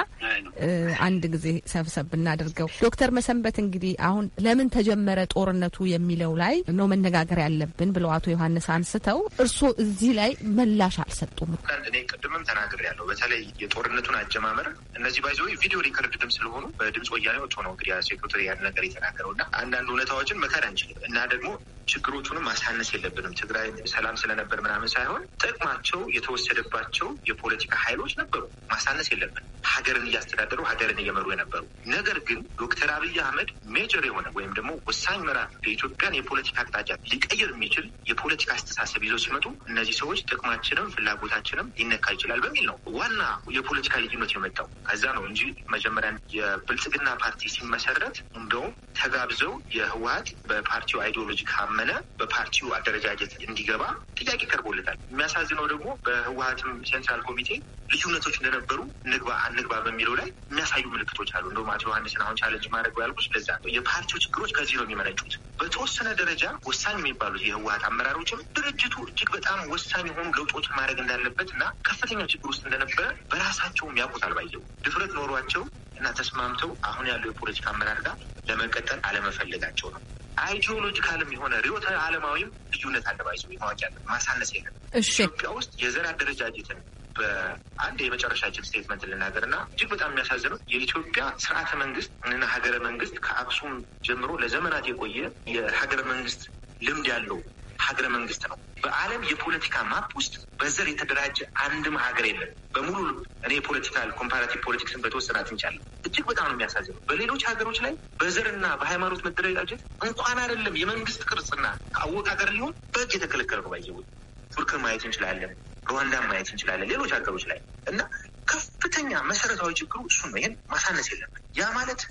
[SPEAKER 8] አንድ ጊዜ ሰብሰብ ብናደርገው። ዶክተር መሰንበት እንግዲህ አሁን ለምን ተጀመረ ጦርነቱ የሚለው ላይ ነው መነጋገር ያለብን ብለው አቶ ዮሐንስ አንስ አንስተው እርስዎ እዚህ ላይ መላሽ አልሰጡም።
[SPEAKER 1] እኔ ቅድምም ተናግር ያለው በተለይ የጦርነቱን አጀማመር እነዚህ ባይዘ ቪዲዮ ሪከርድ ድምፅ ስለሆኑ በድምፅ ወያኔ ወጥቶ ነው እንግዲህ ሴክሬታሪ ያን ነገር የተናገረው እና አንዳንድ እውነታዎችን መካድ አንችልም እና ደግሞ ችግሮቹንም ማሳነስ የለብንም። ትግራይ ሰላም ስለነበር ምናምን ሳይሆን ጥቅማቸው የተወሰደባቸው የፖለቲካ ኃይሎች ነበሩ። ማሳነስ የለብን። ሀገርን እያስተዳደሩ ሀገርን እየመሩ የነበሩ ነገር ግን ዶክተር አብይ አህመድ ሜጀር የሆነ ወይም ደግሞ ወሳኝ ምዕራፍ የኢትዮጵያን የፖለቲካ አቅጣጫ ሊቀይር የሚችል የፖለቲካ አስተሳሰብ አስተሳሰብ ይዘው ሲመጡ እነዚህ ሰዎች ጥቅማችንም ፍላጎታችንም ሊነካ ይችላል በሚል ነው ዋና የፖለቲካ ልዩነት የመጣው ከዛ ነው እንጂ መጀመሪያ የብልጽግና ፓርቲ ሲመሰረት እንደውም ተጋብዘው የህወሀት በፓርቲው አይዲዮሎጂ ካመነ በፓርቲው አደረጃጀት እንዲገባ ጥያቄ ቀርቦለታል። የሚያሳዝነው ደግሞ በህወሀትም ሴንትራል ኮሚቴ ልዩነቶች እንደነበሩ ንግባ አንግባ በሚለው ላይ የሚያሳዩ ምልክቶች አሉ። እንደውም አቶ ዮሐንስን አሁን ቻለንጅ ማድረግ ያልኩ ስለዛ የፓርቲው ችግሮች ከዚህ ነው የሚመነጩት። በተወሰነ ደረጃ ወሳኝ የሚባሉት የህወሀት አመራሮችም ድርጅ ድርጅቱ እጅግ በጣም ወሳኝ የሆኑ ለውጦች ማድረግ እንዳለበት እና ከፍተኛ ችግር ውስጥ እንደነበረ በራሳቸውም ያውቁታል። ባየው ድፍረት ኖሯቸው እና ተስማምተው አሁን ያለው የፖለቲካ አመራር ጋር ለመቀጠል አለመፈለጋቸው ነው። አይዲዮሎጂካልም የሆነ ርዕዮተ ዓለማዊም ልዩነት አለ። ባይዘው የማወቅ ያለ ማሳነስ የለም። ኢትዮጵያ ውስጥ የዘር
[SPEAKER 2] አደረጃጀትን በአንድ የመጨረሻችን ስቴትመንት ልናገር እና እጅግ በጣም የሚያሳዝነው የኢትዮጵያ
[SPEAKER 1] ስርዓተ መንግስት እና ሀገረ መንግስት ከአክሱም ጀምሮ ለዘመናት የቆየ የሀገረ መንግስት ልምድ ያለው ሀገረ መንግስት ነው። በዓለም የፖለቲካ ማፕ ውስጥ በዘር የተደራጀ አንድም ሀገር የለም። በሙሉ እኔ የፖለቲካል ኮምፓራቲቭ ፖለቲክስን በተወሰነ አጥንቻለሁ። እጅግ በጣም ነው የሚያሳዝነው። በሌሎች ሀገሮች ላይ በዘርና በሃይማኖት መደረጃጀት እንኳን አይደለም የመንግስት ቅርጽና አወቃቀር ሊሆን በእጅ የተከለከለ ነው። ባየ ቱርክን ማየት እንችላለን፣ ሩዋንዳን ማየት እንችላለን፣ ሌሎች ሀገሮች ላይ እና ከፍተኛ መሰረታዊ ችግሩ እሱ ነው። ይሄን ማሳነስ የለም። ያ ማለት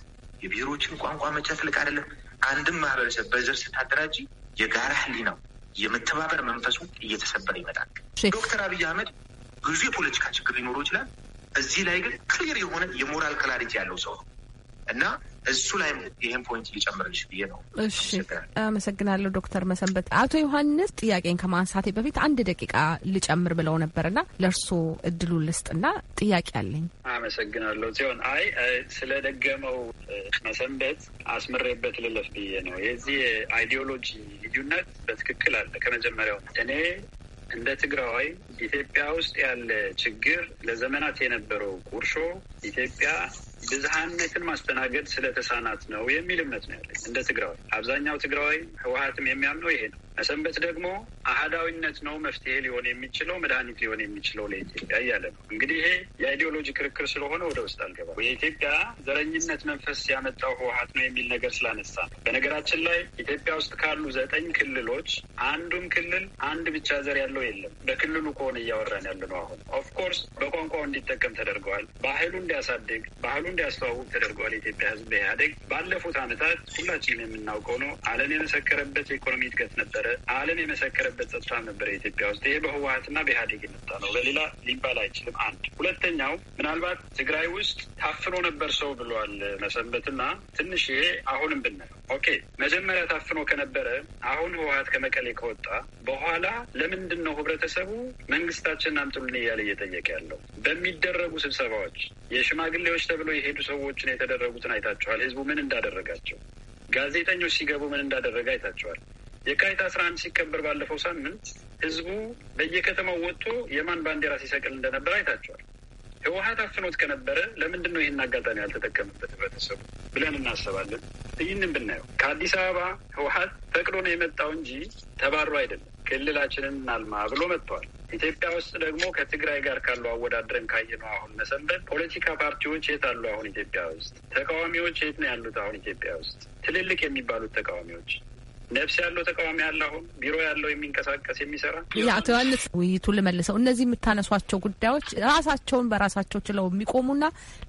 [SPEAKER 1] የብሔሮችን ቋንቋ ትልቅ አይደለም። አንድም ማህበረሰብ በዘር ስታደራጅ የጋራ ነው። የመተባበር መንፈሱ እየተሰበረ ይመጣል። ዶክተር አብይ አህመድ ብዙ የፖለቲካ ችግር ሊኖረው ይችላል። እዚህ ላይ ግን ክሊር የሆነ የሞራል ክላሪቲ ያለው ሰው ነው እና እሱ ላይ ይህን ፖይንት ሊጨምርልሽ ብዬ ነው።
[SPEAKER 8] እሺ አመሰግናለሁ ዶክተር መሰንበት። አቶ ዮሐንስ ጥያቄን ከማንሳቴ በፊት አንድ ደቂቃ ልጨምር ብለው ነበርና ለእርሶ እድሉ ልስጥና ጥያቄ አለኝ።
[SPEAKER 3] አመሰግናለሁ ሲሆን አይ ስለደገመው መሰንበት አስምሬበት ልለፍ ብዬ ነው። የዚህ አይዲዮሎጂ ልዩነት በትክክል አለ ከመጀመሪያው እኔ እንደ ትግራዋይ ኢትዮጵያ ውስጥ ያለ ችግር ለዘመናት የነበረው ቁርሾ ኢትዮጵያ ብዝሃነትን ማስተናገድ ስለተሳናት ነው የሚል እምነት ነው ያለኝ እንደ ትግራዋይ። አብዛኛው ትግራዋይ ህወሀትም የሚያምነው ይሄ ነው። መሰንበት ደግሞ አህዳዊነት ነው መፍትሄ ሊሆን የሚችለው መድኃኒት ሊሆን የሚችለው ለኢትዮጵያ እያለ ነው። እንግዲህ ይሄ የአይዲዮሎጂ ክርክር ስለሆነ ወደ ውስጥ አልገባም። የኢትዮጵያ ዘረኝነት መንፈስ ያመጣው ህወሀት ነው የሚል ነገር ስላነሳ ነው። በነገራችን ላይ ኢትዮጵያ ውስጥ ካሉ ዘጠኝ ክልሎች አንዱም ክልል አንድ ብቻ ዘር ያለው የለም። በክልሉ ከሆነ እያወራን ያለ ነው። አሁን ኦፍኮርስ በቋንቋው እንዲጠቀም ተደርገዋል። ባህሉ እንዲያሳድግ፣ ባህሉ እንዲያስተዋውቅ ተደርገዋል። የኢትዮጵያ ህዝብ በኢህአዴግ ባለፉት አመታት ሁላችንም የምናውቀው ነው። አለም የመሰከረበት የኢኮኖሚ እድገት ነበረ። ነበረ። ዓለም የመሰከረበት ጸጥታ ነበረ ኢትዮጵያ ውስጥ። ይሄ በህወሀትና በኢህአዴግ የመጣ ነው፣ ለሌላ ሊባል አይችልም። አንድ ሁለተኛው ምናልባት ትግራይ ውስጥ ታፍኖ ነበር ሰው ብሏል መሰንበትና ትንሽ ይሄ አሁንም ብናየው ኦኬ መጀመሪያ ታፍኖ ከነበረ አሁን ህወሀት ከመቀሌ ከወጣ በኋላ ለምንድን ነው ህብረተሰቡ መንግስታችንን አምጥሉን እያለ እየጠየቀ ያለው? በሚደረጉ ስብሰባዎች የሽማግሌዎች ተብሎ የሄዱ ሰዎችን የተደረጉትን አይታችኋል። ህዝቡ ምን እንዳደረጋቸው፣ ጋዜጠኞች ሲገቡ ምን እንዳደረገ አይታችኋል። የካቲት አስራ አንድ ሲከበር ባለፈው ሳምንት ህዝቡ በየከተማው ወጥቶ የማን ባንዲራ ሲሰቅል እንደነበር አይታቸዋል። ህወሀት አፍኖት ከነበረ ለምንድን ነው ይህን አጋጣሚ ያልተጠቀምበት ህብረተሰቡ ብለን እናስባለን። ይህንን ብናየው ከአዲስ አበባ ህወሀት ፈቅዶ ነው የመጣው እንጂ ተባሮ አይደለም። ክልላችንን እናልማ ብሎ መጥተዋል። ኢትዮጵያ ውስጥ ደግሞ ከትግራይ ጋር ካሉ አወዳድረን ካየነው አሁን መሰንበት ፖለቲካ ፓርቲዎች የት አሉ? አሁን ኢትዮጵያ ውስጥ ተቃዋሚዎች የት ነው ያሉት? አሁን ኢትዮጵያ ውስጥ ትልልቅ የሚባሉት ተቃዋሚዎች ነፍስ ያለው ተቃዋሚ ያለ አሁን ቢሮ ያለው የሚንቀሳቀስ የሚሰራ
[SPEAKER 8] የአቶ ዮሐንስ ውይይቱን ልመልሰው። እነዚህ የምታነሷቸው ጉዳዮች ራሳቸውን በራሳቸው ችለው የሚቆሙና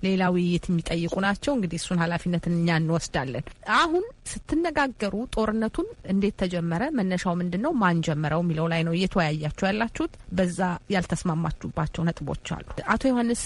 [SPEAKER 8] ሌላ ውይይት የሚጠይቁ ናቸው። እንግዲህ እሱን ኃላፊነት እኛ እንወስዳለን። አሁን ስትነጋገሩ ጦርነቱን እንዴት ተጀመረ፣ መነሻው ምንድን ነው፣ ማን ጀመረው የሚለው ላይ ነው እየተወያያችሁ ያላችሁት። በዛ ያልተስማማችሁባቸው ነጥቦች አሉ። አቶ ዮሐንስ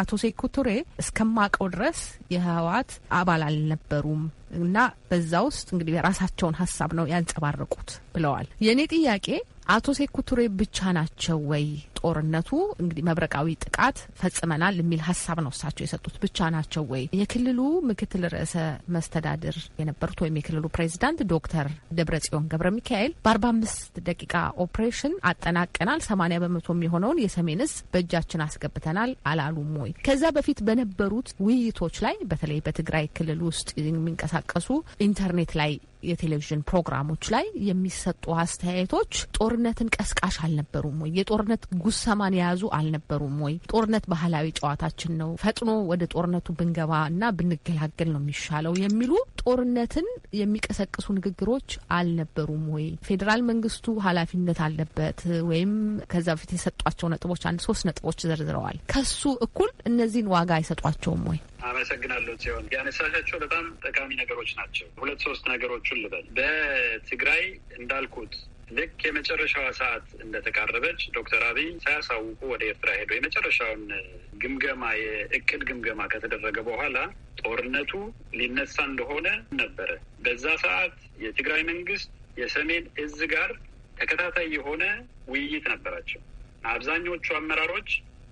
[SPEAKER 8] አቶ ሴኩቱሬ እስከማቀው ድረስ የህወሓት አባል አልነበሩም እና በዛ ውስጥ እንግዲህ የራሳቸውን ሀሳብ ነው ያንጸባረቁት ብለዋል። የእኔ ጥያቄ አቶ ሴኩቱሬ ብቻ ናቸው ወይ ጦርነቱ እንግዲህ መብረቃዊ ጥቃት ፈጽመናል የሚል ሀሳብ ነው እሳቸው የሰጡት ብቻ ናቸው ወይ? የክልሉ ምክትል ርዕሰ መስተዳድር የነበሩት ወይም የክልሉ ፕሬዚዳንት ዶክተር ደብረጽዮን ገብረ ሚካኤል በአርባ አምስት ደቂቃ ኦፕሬሽን አጠናቀናል፣ ሰማኒያ በመቶ የሚሆነውን የሰሜን እዝ በእጃችን አስገብተናል አላሉም ወይ? ከዛ በፊት በነበሩት ውይይቶች ላይ በተለይ በትግራይ ክልል ውስጥ የሚንቀሳቀሱ ኢንተርኔት ላይ የቴሌቪዥን ፕሮግራሞች ላይ የሚሰጡ አስተያየቶች ጦርነትን ቀስቃሽ አልነበሩም ወይ? የጦርነት ጉሰማን የያዙ አልነበሩም ወይ? ጦርነት ባህላዊ ጨዋታችን ነው፣ ፈጥኖ ወደ ጦርነቱ ብንገባ እና ብንገላገል ነው የሚሻለው የሚሉ ጦርነትን የሚቀሰቅሱ ንግግሮች አልነበሩም ወይ? ፌዴራል መንግስቱ ኃላፊነት አለበት ወይም ከዛ በፊት የሰጧቸው ነጥቦች አንድ ሶስት ነጥቦች ዘርዝረዋል። ከሱ እኩል እነዚህን ዋጋ አይሰጧቸውም ወይ?
[SPEAKER 3] አመሰግናለሁ ሲሆን ያነሳሻቸው በጣም ጠቃሚ ነገሮች ናቸው። ሁለት ሶስት ነገሮችን ልበል። በትግራይ እንዳልኩት ልክ የመጨረሻዋ ሰዓት እንደተቃረበች ዶክተር አብይ ሳያሳውቁ ወደ ኤርትራ ሄዶ የመጨረሻውን ግምገማ የእቅድ ግምገማ ከተደረገ በኋላ ጦርነቱ ሊነሳ እንደሆነ ነበረ። በዛ ሰዓት የትግራይ መንግስት የሰሜን እዝ ጋር ተከታታይ የሆነ ውይይት ነበራቸው። አብዛኞቹ አመራሮች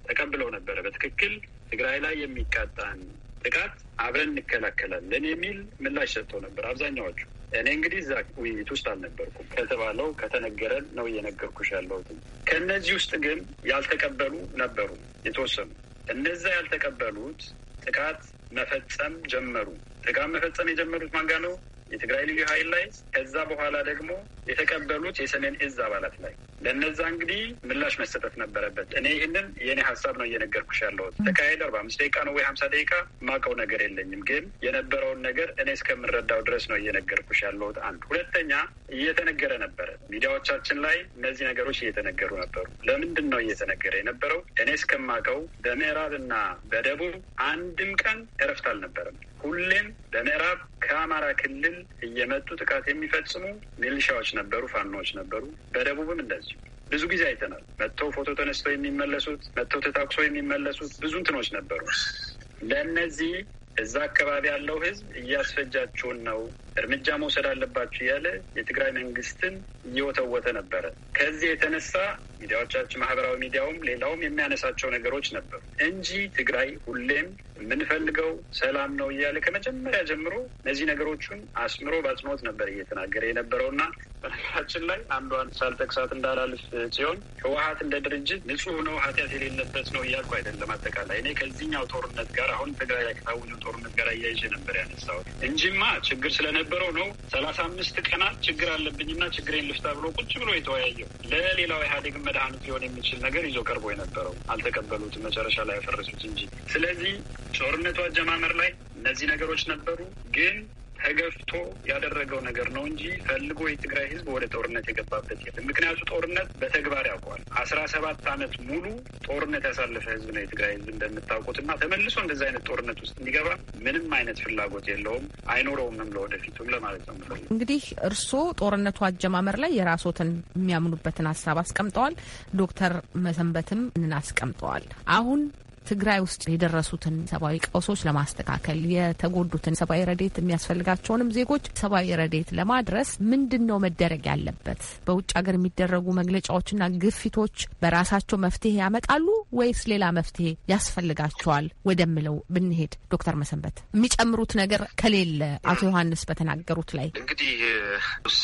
[SPEAKER 3] ተቀብለው ነበረ። በትክክል ትግራይ ላይ የሚቃጣን ጥቃት አብረን እንከላከላለን የሚል ምላሽ ሰጥተው ነበር አብዛኛዎቹ እኔ እንግዲህ እዛ ውይይት ውስጥ አልነበርኩም። ከተባለው ከተነገረን ነው እየነገርኩሽ ያለሁት። ከእነዚህ ውስጥ ግን ያልተቀበሉ ነበሩ የተወሰኑ። እነዛ ያልተቀበሉት ጥቃት መፈጸም ጀመሩ። ጥቃት መፈጸም የጀመሩት ማንጋ ነው? የትግራይ ልዩ ኃይል ላይ ከዛ በኋላ ደግሞ የተቀበሉት የሰሜን እዝ አባላት ላይ ለነዛ እንግዲህ ምላሽ መሰጠት ነበረበት። እኔ ይህንን የእኔ ሀሳብ ነው እየነገርኩሽ ያለሁት። ተካሄደ አርባ አምስት ደቂቃ ነው ወይ ሀምሳ ደቂቃ ማቀው ነገር የለኝም፣ ግን የነበረውን ነገር እኔ እስከምረዳው ድረስ ነው እየነገርኩሽ ያለሁት። አንድ ሁለተኛ፣ እየተነገረ ነበረ ሚዲያዎቻችን ላይ እነዚህ ነገሮች እየተነገሩ ነበሩ። ለምንድን ነው እየተነገረ የነበረው? እኔ እስከማቀው በምዕራብ እና በደቡብ አንድም ቀን እረፍት አልነበረም። ሁሌም በምዕራብ ከአማራ ክልል እየመጡ ጥቃት የሚፈጽሙ ሚሊሻዎች ነበሩ፣ ፋኖዎች ነበሩ። በደቡብም እንደዚሁ ብዙ ጊዜ አይተናል። መጥተው ፎቶ ተነስተው የሚመለሱት መጥተው ተታኩሰው የሚመለሱት ብዙ እንትኖች ነበሩ። ለእነዚህ እዛ አካባቢ ያለው ህዝብ እያስፈጃችሁን ነው፣ እርምጃ መውሰድ አለባችሁ እያለ የትግራይ መንግስትን እየወተወተ ነበረ። ከዚህ የተነሳ ሚዲያዎቻችን፣ ማህበራዊ ሚዲያውም ሌላውም የሚያነሳቸው ነገሮች ነበሩ እንጂ ትግራይ ሁሌም የምንፈልገው ሰላም ነው እያለ ከመጀመሪያ ጀምሮ እነዚህ ነገሮቹን አስምሮ በአጽንኦት ነበር እየተናገረ የነበረውና በነገራችን ላይ አንዷን ሳልጠቅሳት እንዳላልፍ ሲሆን ህወሀት እንደ ድርጅት ንጹህ ነው፣ ኃጢአት የሌለበት ነው እያልኩ አይደለም። አጠቃላይ እኔ ከዚህኛው ጦርነት ጋር አሁን ትግራይ ላይ ጦርነት ጋር እያይዤ ነበር ያነሳሁት እንጂማ ችግር ስለነበረው ነው ሰላሳ አምስት ቀናት ችግር አለብኝና ችግሬን ልፍታ ብሎ ቁጭ ብሎ የተወያየው ለሌላው ኢህአዴግ መድኃኒት ሊሆን የሚችል ነገር ይዞ ቀርቦ የነበረው አልተቀበሉትም፣ መጨረሻ ላይ ያፈረሱት እንጂ። ስለዚህ ጦርነቱ አጀማመር ላይ እነዚህ ነገሮች ነበሩ ግን ተገፍቶ ያደረገው ነገር ነው እንጂ ፈልጎ የትግራይ ህዝብ ወደ ጦርነት የገባበት የለም። ምክንያቱ ጦርነት በተግባር ያውቀዋል። አስራ ሰባት አመት ሙሉ ጦርነት ያሳለፈ ህዝብ ነው የትግራይ ህዝብ እንደምታውቁት እና ተመልሶ እንደዚህ አይነት ጦርነት ውስጥ እንዲገባ ምንም አይነት ፍላጎት የለውም አይኖረውምም፣ ለወደፊቱም ለማለት ነው።
[SPEAKER 8] እንግዲህ እርስዎ ጦርነቱ አጀማመር ላይ የራስዎትን የሚያምኑበትን ሀሳብ አስቀምጠዋል። ዶክተር መሰንበትም ምንን አስቀምጠዋል። አሁን ትግራይ ውስጥ የደረሱትን ሰብአዊ ቀውሶች ለማስተካከል የተጎዱትን ሰብአዊ ረዴት የሚያስፈልጋቸውንም ዜጎች ሰብአዊ ረዴት ለማድረስ ምንድን ነው መደረግ ያለበት? በውጭ ሀገር የሚደረጉ መግለጫዎችና ግፊቶች በራሳቸው መፍትሄ ያመጣሉ ወይስ ሌላ መፍትሄ ያስፈልጋቸዋል ወደምለው ብንሄድ፣ ዶክተር መሰንበት የሚጨምሩት ነገር ከሌለ አቶ ዮሐንስ በተናገሩት ላይ
[SPEAKER 1] እንግዲህ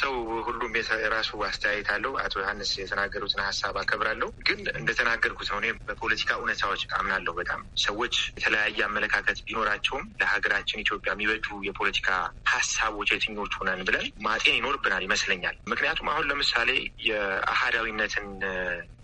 [SPEAKER 1] ሰው ሁሉም የራሱ አስተያየት አለው። አቶ ዮሐንስ የተናገሩትን ሀሳብ አከብራለሁ፣ ግን እንደተናገርኩት ነው እኔ በፖለቲካ እውነታዎች አምናለሁ አደንቃለሁ በጣም ሰዎች የተለያየ አመለካከት ቢኖራቸውም ለሀገራችን ኢትዮጵያ የሚበጁ የፖለቲካ ሀሳቦች የትኞቹ ነን ብለን ማጤን ይኖርብናል ይመስለኛል። ምክንያቱም አሁን ለምሳሌ የአህዳዊነትን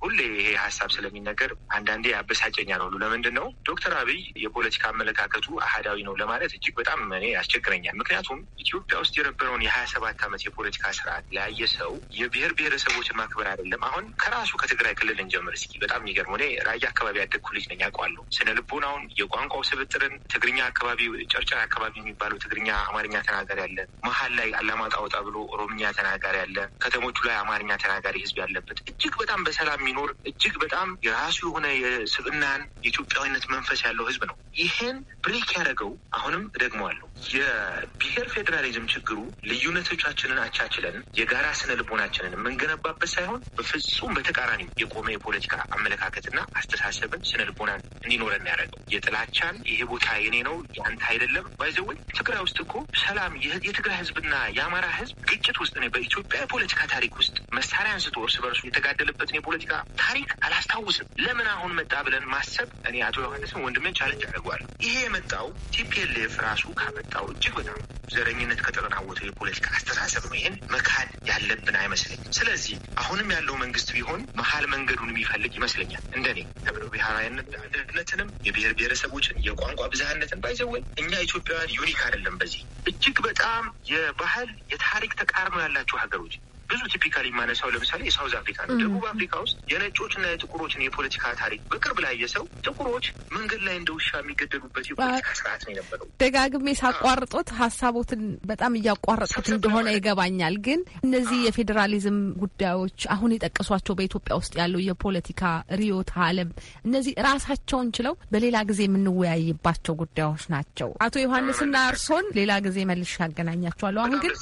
[SPEAKER 1] ሁሌ ይሄ ሀሳብ ስለሚነገር አንዳንዴ አበሳጨኛል ሁሉ ለምንድን ነው ዶክተር አብይ የፖለቲካ አመለካከቱ አህዳዊ ነው ለማለት እጅግ በጣም እኔ ያስቸግረኛል። ምክንያቱም ኢትዮጵያ ውስጥ የነበረውን የሀያ ሰባት ዓመት የፖለቲካ ስርዓት ላየ ሰው የብሔር ብሔረሰቦችን ማክበር አይደለም። አሁን ከራሱ ከትግራይ ክልል እንጀምር እስኪ። በጣም የሚገርመው እኔ ራያ አካባቢ ያደግኩ ልጅ ነኝ አውቃለሁ። ስነ ልቦናውን፣ የቋንቋው ስብጥርን ትግርኛ አካባቢ ጨርጨር አካባቢ የሚባለው ትግርኛ አማርኛ ተናጋሪ ያለ፣ መሀል ላይ አላማጣ ወጣ ብሎ ኦሮምኛ ተናጋሪ ያለ፣ ከተሞቹ ላይ አማርኛ ተናጋሪ ህዝብ ያለበት እጅግ በጣም በሰላም የሚኖር እጅግ በጣም የራሱ የሆነ የስብናን የኢትዮጵያዊነት መንፈስ ያለው ህዝብ ነው። ይህን ብሬክ ያደረገው አሁንም እደግመዋለሁ የብሔር ፌዴራሊዝም ችግሩ ልዩነቶቻችንን አቻችለን የጋራ ስነ ልቦናችንን የምንገነባበት ሳይሆን በፍጹም በተቃራኒ የቆመ የፖለቲካ አመለካከትና አስተሳሰብን ስነ ልቦናን እንዲኖረን ያደረገው የጥላቻን ይሄ ቦታ የኔ ነው የአንተ አይደለም ባይዘወይ ትግራይ ውስጥ እኮ ሰላም የትግራይ ህዝብና የአማራ ህዝብ ግጭት ውስጥ ነው። በኢትዮጵያ የፖለቲካ ታሪክ ውስጥ መሳሪያ አንስቶ እርስ በርሱ የተጋደለበትን የፖለቲካ ታሪክ አላስታውስም ለምን አሁን መጣ ብለን ማሰብ እኔ አቶ ዮሐንስን ወንድሜን ቻለንጅ አድርጓል። ይሄ የመጣው ቲፒኤልኤፍ ራሱ ካመጣው እጅግ በጣም ዘረኝነት ከተጠናወተው የፖለቲካ አስተሳሰብ ነው። ይህን መካድ ያለብን አይመስለኝም። ስለዚህ አሁንም ያለው መንግስት ቢሆን መሀል መንገዱን የሚፈልግ ይመስለኛል እንደኔ ተብሎ ብሔራዊነት አንድነትንም የብሔር ብሔረሰቦችን የቋንቋ ብዝሃነትን ባይዘወል እኛ ኢትዮጵያውያን ዩኒክ አይደለም። በዚህ እጅግ በጣም የባህል የታሪክ ተቃርኖ ያላቸው ሀገሮች ብዙ ቲፒካል የማነሳው ለምሳሌ የሳውዝ አፍሪካ ነው። ደቡብ አፍሪካ ውስጥ የነጮችና የጥቁሮችን የፖለቲካ ታሪክ በቅርብ ላይ የሰው ጥቁሮች መንገድ ላይ እንደ ውሻ የሚገደሉበት የፖለቲካ ስርዓት ነው የነበረው።
[SPEAKER 8] ደጋግሜ ሳቋርጦት ሀሳቦትን በጣም እያቋረጡት እንደሆነ ይገባኛል። ግን እነዚህ የፌዴራሊዝም ጉዳዮች አሁን የጠቀሷቸው በኢትዮጵያ ውስጥ ያለው የፖለቲካ ርዕዮተ ዓለም እነዚህ ራሳቸውን ችለው በሌላ ጊዜ የምንወያይባቸው ጉዳዮች ናቸው። አቶ ዮሐንስና እርሶን ሌላ ጊዜ መልሼ ያገናኛቸዋለሁ። አሁን ግን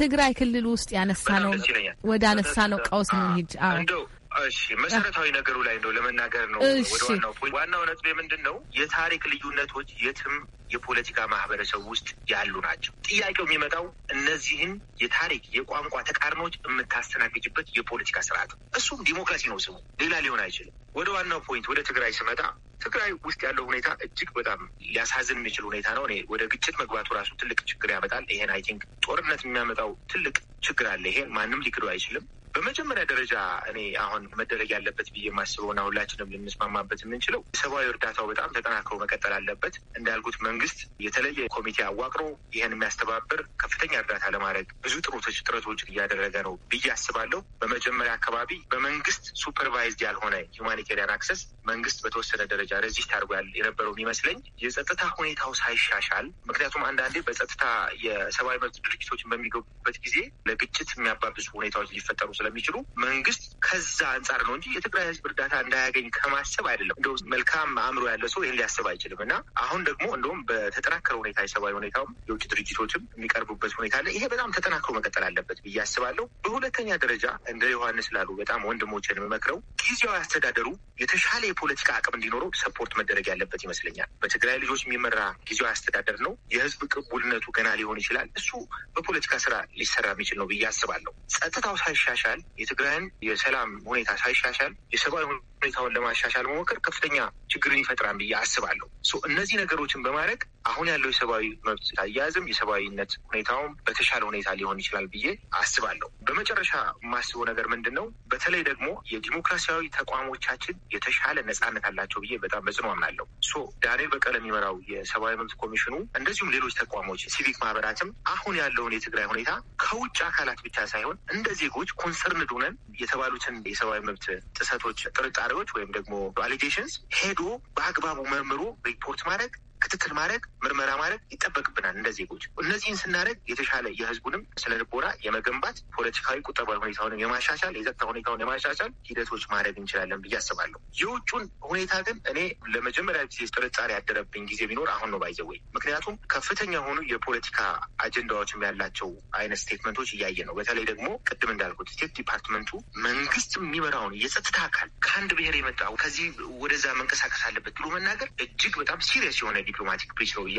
[SPEAKER 8] ትግራይ ክልል ውስጥ ያነሳ ነው ይለኛል። ወደ አነሳ ነው ቀውስ እንሂድ።
[SPEAKER 1] እንደው እሺ፣ መሰረታዊ ነገሩ ላይ ነው
[SPEAKER 8] ለመናገር ነው። ወደ ዋናው
[SPEAKER 1] ዋናው ነጥብ የምንድን ነው? የታሪክ ልዩነቶች የትም የፖለቲካ ማህበረሰብ ውስጥ ያሉ ናቸው። ጥያቄው የሚመጣው እነዚህን የታሪክ የቋንቋ ተቃርኖች የምታስተናግጅበት የፖለቲካ ስርዓት ነው። እሱም ዲሞክራሲ ነው ስሙ፣ ሌላ ሊሆን አይችልም። ወደ ዋናው ፖይንት ወደ ትግራይ ስመጣ ትግራይ ውስጥ ያለው ሁኔታ እጅግ በጣም ሊያሳዝን የሚችል ሁኔታ ነው። እኔ ወደ ግጭት መግባቱ ራሱ ትልቅ ችግር ያመጣል። ይሄን አይ ቲንክ ጦርነት የሚያመጣው ትልቅ ችግር አለ። ይሄ ማንም ሊክደው አይችልም። በመጀመሪያ ደረጃ እኔ አሁን መደረግ ያለበት ብዬ የማስበውና ሁላችንም ልንስማማበት የምንችለው ሰብአዊ እርዳታው በጣም ተጠናክሮ መቀጠል አለበት። እንዳልኩት መንግስት የተለየ ኮሚቴ አዋቅሮ ይህን የሚያስተባብር ከፍተኛ እርዳታ ለማድረግ ብዙ ጥሮቶች ጥረቶች እያደረገ ነው ብዬ አስባለሁ። በመጀመሪያ አካባቢ በመንግስት ሱፐርቫይዝድ ያልሆነ ሁማኒቴሪያን አክሰስ መንግስት በተወሰነ ደረጃ ረዚስት አድርጎ የነበረው የሚመስለኝ የጸጥታ ሁኔታው ሳይሻሻል ምክንያቱም አንዳንዴ በጸጥታ የሰብአዊ መብት ድርጅቶችን በሚገቡበት ጊዜ ለግጭት የሚያባብሱ ሁኔታዎች ሊፈጠሩ ስለሚችሉ መንግስት ከዛ አንጻር ነው እንጂ የትግራይ ህዝብ እርዳታ እንዳያገኝ ከማሰብ አይደለም። እንደው መልካም አእምሮ ያለ ሰው ይህን ሊያስብ አይችልም። እና አሁን ደግሞ እንደውም በተጠናከረ ሁኔታ የሰብአዊ ሁኔታውም የውጭ ድርጅቶችም የሚቀርቡበት ሁኔታ አለ። ይሄ በጣም ተጠናክሮ መቀጠል አለበት ብዬ አስባለሁ። በሁለተኛ ደረጃ እንደ ዮሐንስ ላሉ በጣም ወንድሞችን የምመክረው ጊዜያዊ አስተዳደሩ የተሻለ የፖለቲካ አቅም እንዲኖረው ሰፖርት መደረግ ያለበት ይመስለኛል። በትግራይ ልጆች የሚመራ ጊዜያዊ አስተዳደር ነው። የህዝብ ቅቡልነቱ ገና ሊሆን ይችላል። እሱ በፖለቲካ ስራ ሊሰራ የሚችል ነው ብዬ አስባለሁ። ጸጥታው ሳይሻሻል ሳይሻሻል የትግራይን የሰላም ሁኔታ ሳይሻሻል የሰብአዊ ሁኔታውን ለማሻሻል መሞከር ከፍተኛ ችግርን ይፈጥራል ብዬ አስባለሁ። እነዚህ ነገሮችን በማድረግ አሁን ያለው የሰብአዊ መብት አያያዝም የሰብአዊነት ሁኔታውም በተሻለ ሁኔታ ሊሆን ይችላል ብዬ አስባለሁ። በመጨረሻ የማስበው ነገር ምንድን ነው? በተለይ ደግሞ የዲሞክራሲያዊ ተቋሞቻችን የተሻለ ነጻነት አላቸው ብዬ በጣም በጽኑ አምናለሁ። ሶ ዳንኤል በቀለ የሚመራው የሰብአዊ መብት ኮሚሽኑ እንደዚሁም ሌሎች ተቋሞች፣ ሲቪክ ማህበራትም አሁን ያለውን የትግራይ ሁኔታ ከውጭ አካላት ብቻ ሳይሆን እንደ ዜጎች ኮንሰርንድ ሆነን የተባሉትን የሰብአዊ መብት ጥሰቶች ጥርጣሬ ተማሪዎች ወይም ደግሞ ቫሊዴሽንስ ሄዶ በአግባቡ መምሩ ሪፖርት ማድረግ ክትትል ማድረግ ምርመራ ማድረግ ይጠበቅብናል። እንደ ዜጎች እነዚህን ስናደረግ የተሻለ የህዝቡንም ስለ ልቦና የመገንባት ፖለቲካዊ ቁጠባ ሁኔታውን የማሻሻል የጸጥታ ሁኔታውን የማሻሻል ሂደቶች ማድረግ እንችላለን ብዬ አስባለሁ። የውጩን ሁኔታ ግን እኔ ለመጀመሪያ ጊዜ ጥርጣሬ ያደረብኝ ጊዜ ቢኖር አሁን ነው ባይዘወይ ምክንያቱም ከፍተኛ የሆኑ የፖለቲካ አጀንዳዎችም ያላቸው አይነት ስቴትመንቶች እያየ ነው። በተለይ ደግሞ ቅድም እንዳልኩት ስቴት ዲፓርትመንቱ መንግስት የሚመራውን የጸጥታ አካል ከአንድ ብሔር የመጣ ከዚህ ወደዛ መንቀሳቀስ አለበት ብሎ መናገር እጅግ በጣም ሲሪየስ የሆነ ዲፕሎማቲክ ብሪጅ ነው ብዬ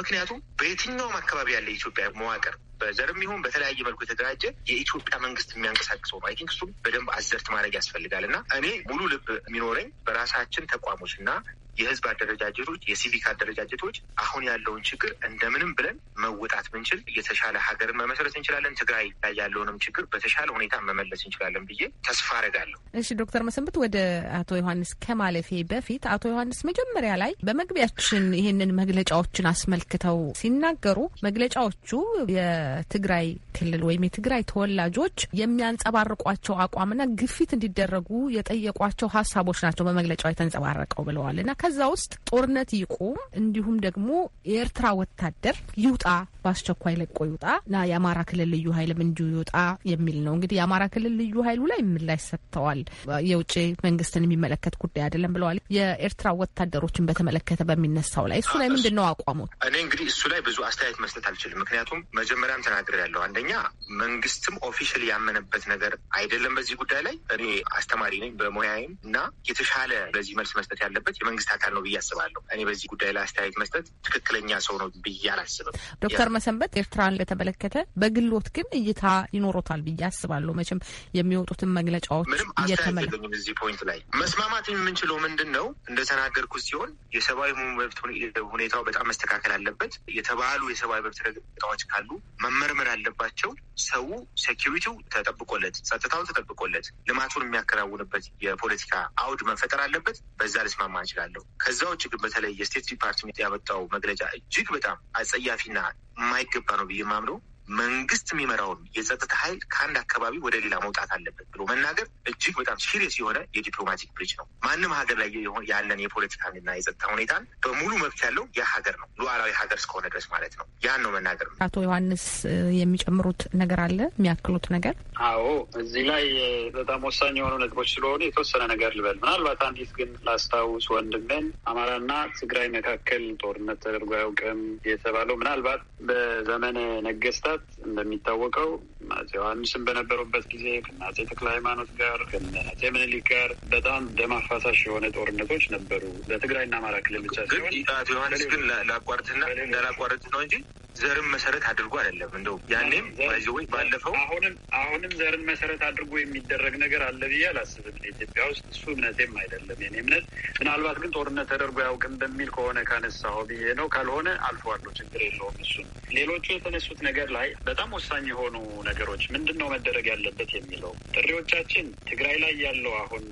[SPEAKER 1] ምክንያቱም በየትኛውም አካባቢ ያለ የኢትዮጵያ መዋቅር በዘርም ይሁን በተለያየ መልኩ የተደራጀ የኢትዮጵያ መንግስት የሚያንቀሳቅሰው ነው። አይ ቲንክ እሱም በደንብ አዘርት ማድረግ ያስፈልጋል እና እኔ ሙሉ ልብ የሚኖረኝ በራሳችን ተቋሞች እና የህዝብ አደረጃጀቶች፣ የሲቪክ አደረጃጀቶች አሁን ያለውን ችግር እንደምንም ብለን መወጣት ብንችል የተሻለ ሀገርን መመስረት እንችላለን። ትግራይ ላይ ያለውንም ችግር በተሻለ ሁኔታ መመለስ እንችላለን ብዬ ተስፋ አረጋለሁ።
[SPEAKER 8] እሺ ዶክተር መሰንበት ወደ አቶ ዮሐንስ ከማለፌ በፊት አቶ ዮሐንስ መጀመሪያ ላይ በመግቢያችን ይህንን መግለጫዎችን አስመልክተው ሲናገሩ መግለጫዎቹ የትግራይ ክልል ወይም የትግራይ ተወላጆች የሚያንጸባርቋቸው አቋምና ግፊት እንዲደረጉ የጠየቋቸው ሀሳቦች ናቸው በመግለጫው የተንጸባረቀው ብለዋል እና ከዛ ውስጥ ጦርነት ይቁም፣ እንዲሁም ደግሞ የኤርትራ ወታደር ይውጣ፣ በአስቸኳይ ለቆ ይውጣና የአማራ ክልል ልዩ ኃይልም እንዲሁ ይውጣ የሚል ነው። እንግዲህ የአማራ ክልል ልዩ ኃይሉ ላይ ምላሽ ሰጥተዋል። የውጭ መንግስትን የሚመለከት ጉዳይ አይደለም ብለዋል። የኤርትራ ወታደሮችን በተመለከተ በሚነሳው ላይ እሱ ላይ ምንድን ነው አቋሙ?
[SPEAKER 1] እኔ እንግዲህ እሱ ላይ ብዙ አስተያየት መስጠት አልችልም። ምክንያቱም መጀመሪያም ተናግሬ ያለው አንደኛ መንግስትም ኦፊሻል ያመነበት ነገር አይደለም። በዚህ ጉዳይ ላይ እኔ አስተማሪ ነኝ በሙያዬም እና የተሻለ በዚህ መልስ መስጠት ያለበት የመንግስት አካል ነው ብዬ አስባለሁ። እኔ በዚህ ጉዳይ ላይ አስተያየት መስጠት ትክክለኛ ሰው ነው ብዬ አላስብም።
[SPEAKER 8] ዶክተር መሰንበት ኤርትራን ለተመለከተ በግሎት ግን እይታ ይኖሮታል ብዬ አስባለሁ። መቼም የሚወጡትን መግለጫዎች ምንም አስተያየት
[SPEAKER 1] እዚህ ፖይንት ላይ መስማማት የምንችለው ምንድን ነው እንደተናገርኩት ሲሆን የሰብአዊ መብት ሁኔታው በጣም መስተካከል አለበት። የተባሉ የሰብአዊ መብት ረገጣዎች ካሉ መመርመር አለባቸው። ሰው ሴኪሪቲው ተጠብቆለት፣ ጸጥታው ተጠብቆለት ልማቱን የሚያከናውንበት የፖለቲካ አውድ መፈጠር አለበት። በዛ ልስማማ እችላለሁ። ከዛ ውጭ ግን በተለይ የስቴት ዲፓርትሜንት ያወጣው መግለጫ እጅግ በጣም አጸያፊና የማይገባ ነው ብዬ ማምነው መንግስት የሚመራውን የጸጥታ ኃይል ከአንድ አካባቢ ወደ ሌላ መውጣት አለበት ብሎ መናገር እጅግ በጣም ሲሪየስ የሆነ የዲፕሎማቲክ ብሪጅ ነው። ማንም ሀገር ላይ ያለን የፖለቲካና የጸጥታ ሁኔታን በሙሉ መብት ያለው
[SPEAKER 3] ያ ሀገር ነው፣ ሉዓላዊ ሀገር እስከሆነ ድረስ ማለት ነው። ያን ነው መናገር ነው።
[SPEAKER 8] አቶ ዮሐንስ የሚጨምሩት ነገር አለ የሚያክሉት ነገር?
[SPEAKER 3] አዎ እዚህ ላይ በጣም ወሳኝ የሆኑ ነጥቦች ስለሆኑ የተወሰነ ነገር ልበል። ምናልባት አንዲት ግን ላስታውስ ወንድሜን፣ አማራና ትግራይ መካከል ጦርነት ተደርጎ አያውቅም የተባለው ምናልባት በዘመነ ነገስታት ምክንያት እንደሚታወቀው አፄ ዮሐንስን በነበሩበት ጊዜ ከአፄ ተክለ ሃይማኖት ጋር ከአፄ ምኒልክ ጋር በጣም ደም አፋሳሽ የሆነ ጦርነቶች ነበሩ። በትግራይና አማራ ክልል ብቻ ሲሆን አፄ ዮሐንስ ግን ላቋርጥና እንዳላቋርጥ ነው እንጂ ዘርን መሰረት አድርጎ አይደለም። እንደው ያኔም ይዘወይ ባለፈው አሁንም አሁንም ዘርን መሰረት አድርጎ የሚደረግ ነገር አለ ብዬ አላስብም ኢትዮጵያ ውስጥ እሱ እምነቴም አይደለም የኔ እምነት። ምናልባት ግን ጦርነት ተደርጎ ያውቅም በሚል ከሆነ ካነሳሁ ብዬ ነው። ካልሆነ አልፈዋለሁ፣ ችግር የለውም። እሱ ሌሎቹ የተነሱት ነገር ላይ ላይ በጣም ወሳኝ የሆኑ ነገሮች ምንድን ነው መደረግ ያለበት የሚለው ጥሪዎቻችን ትግራይ ላይ ያለው አሁን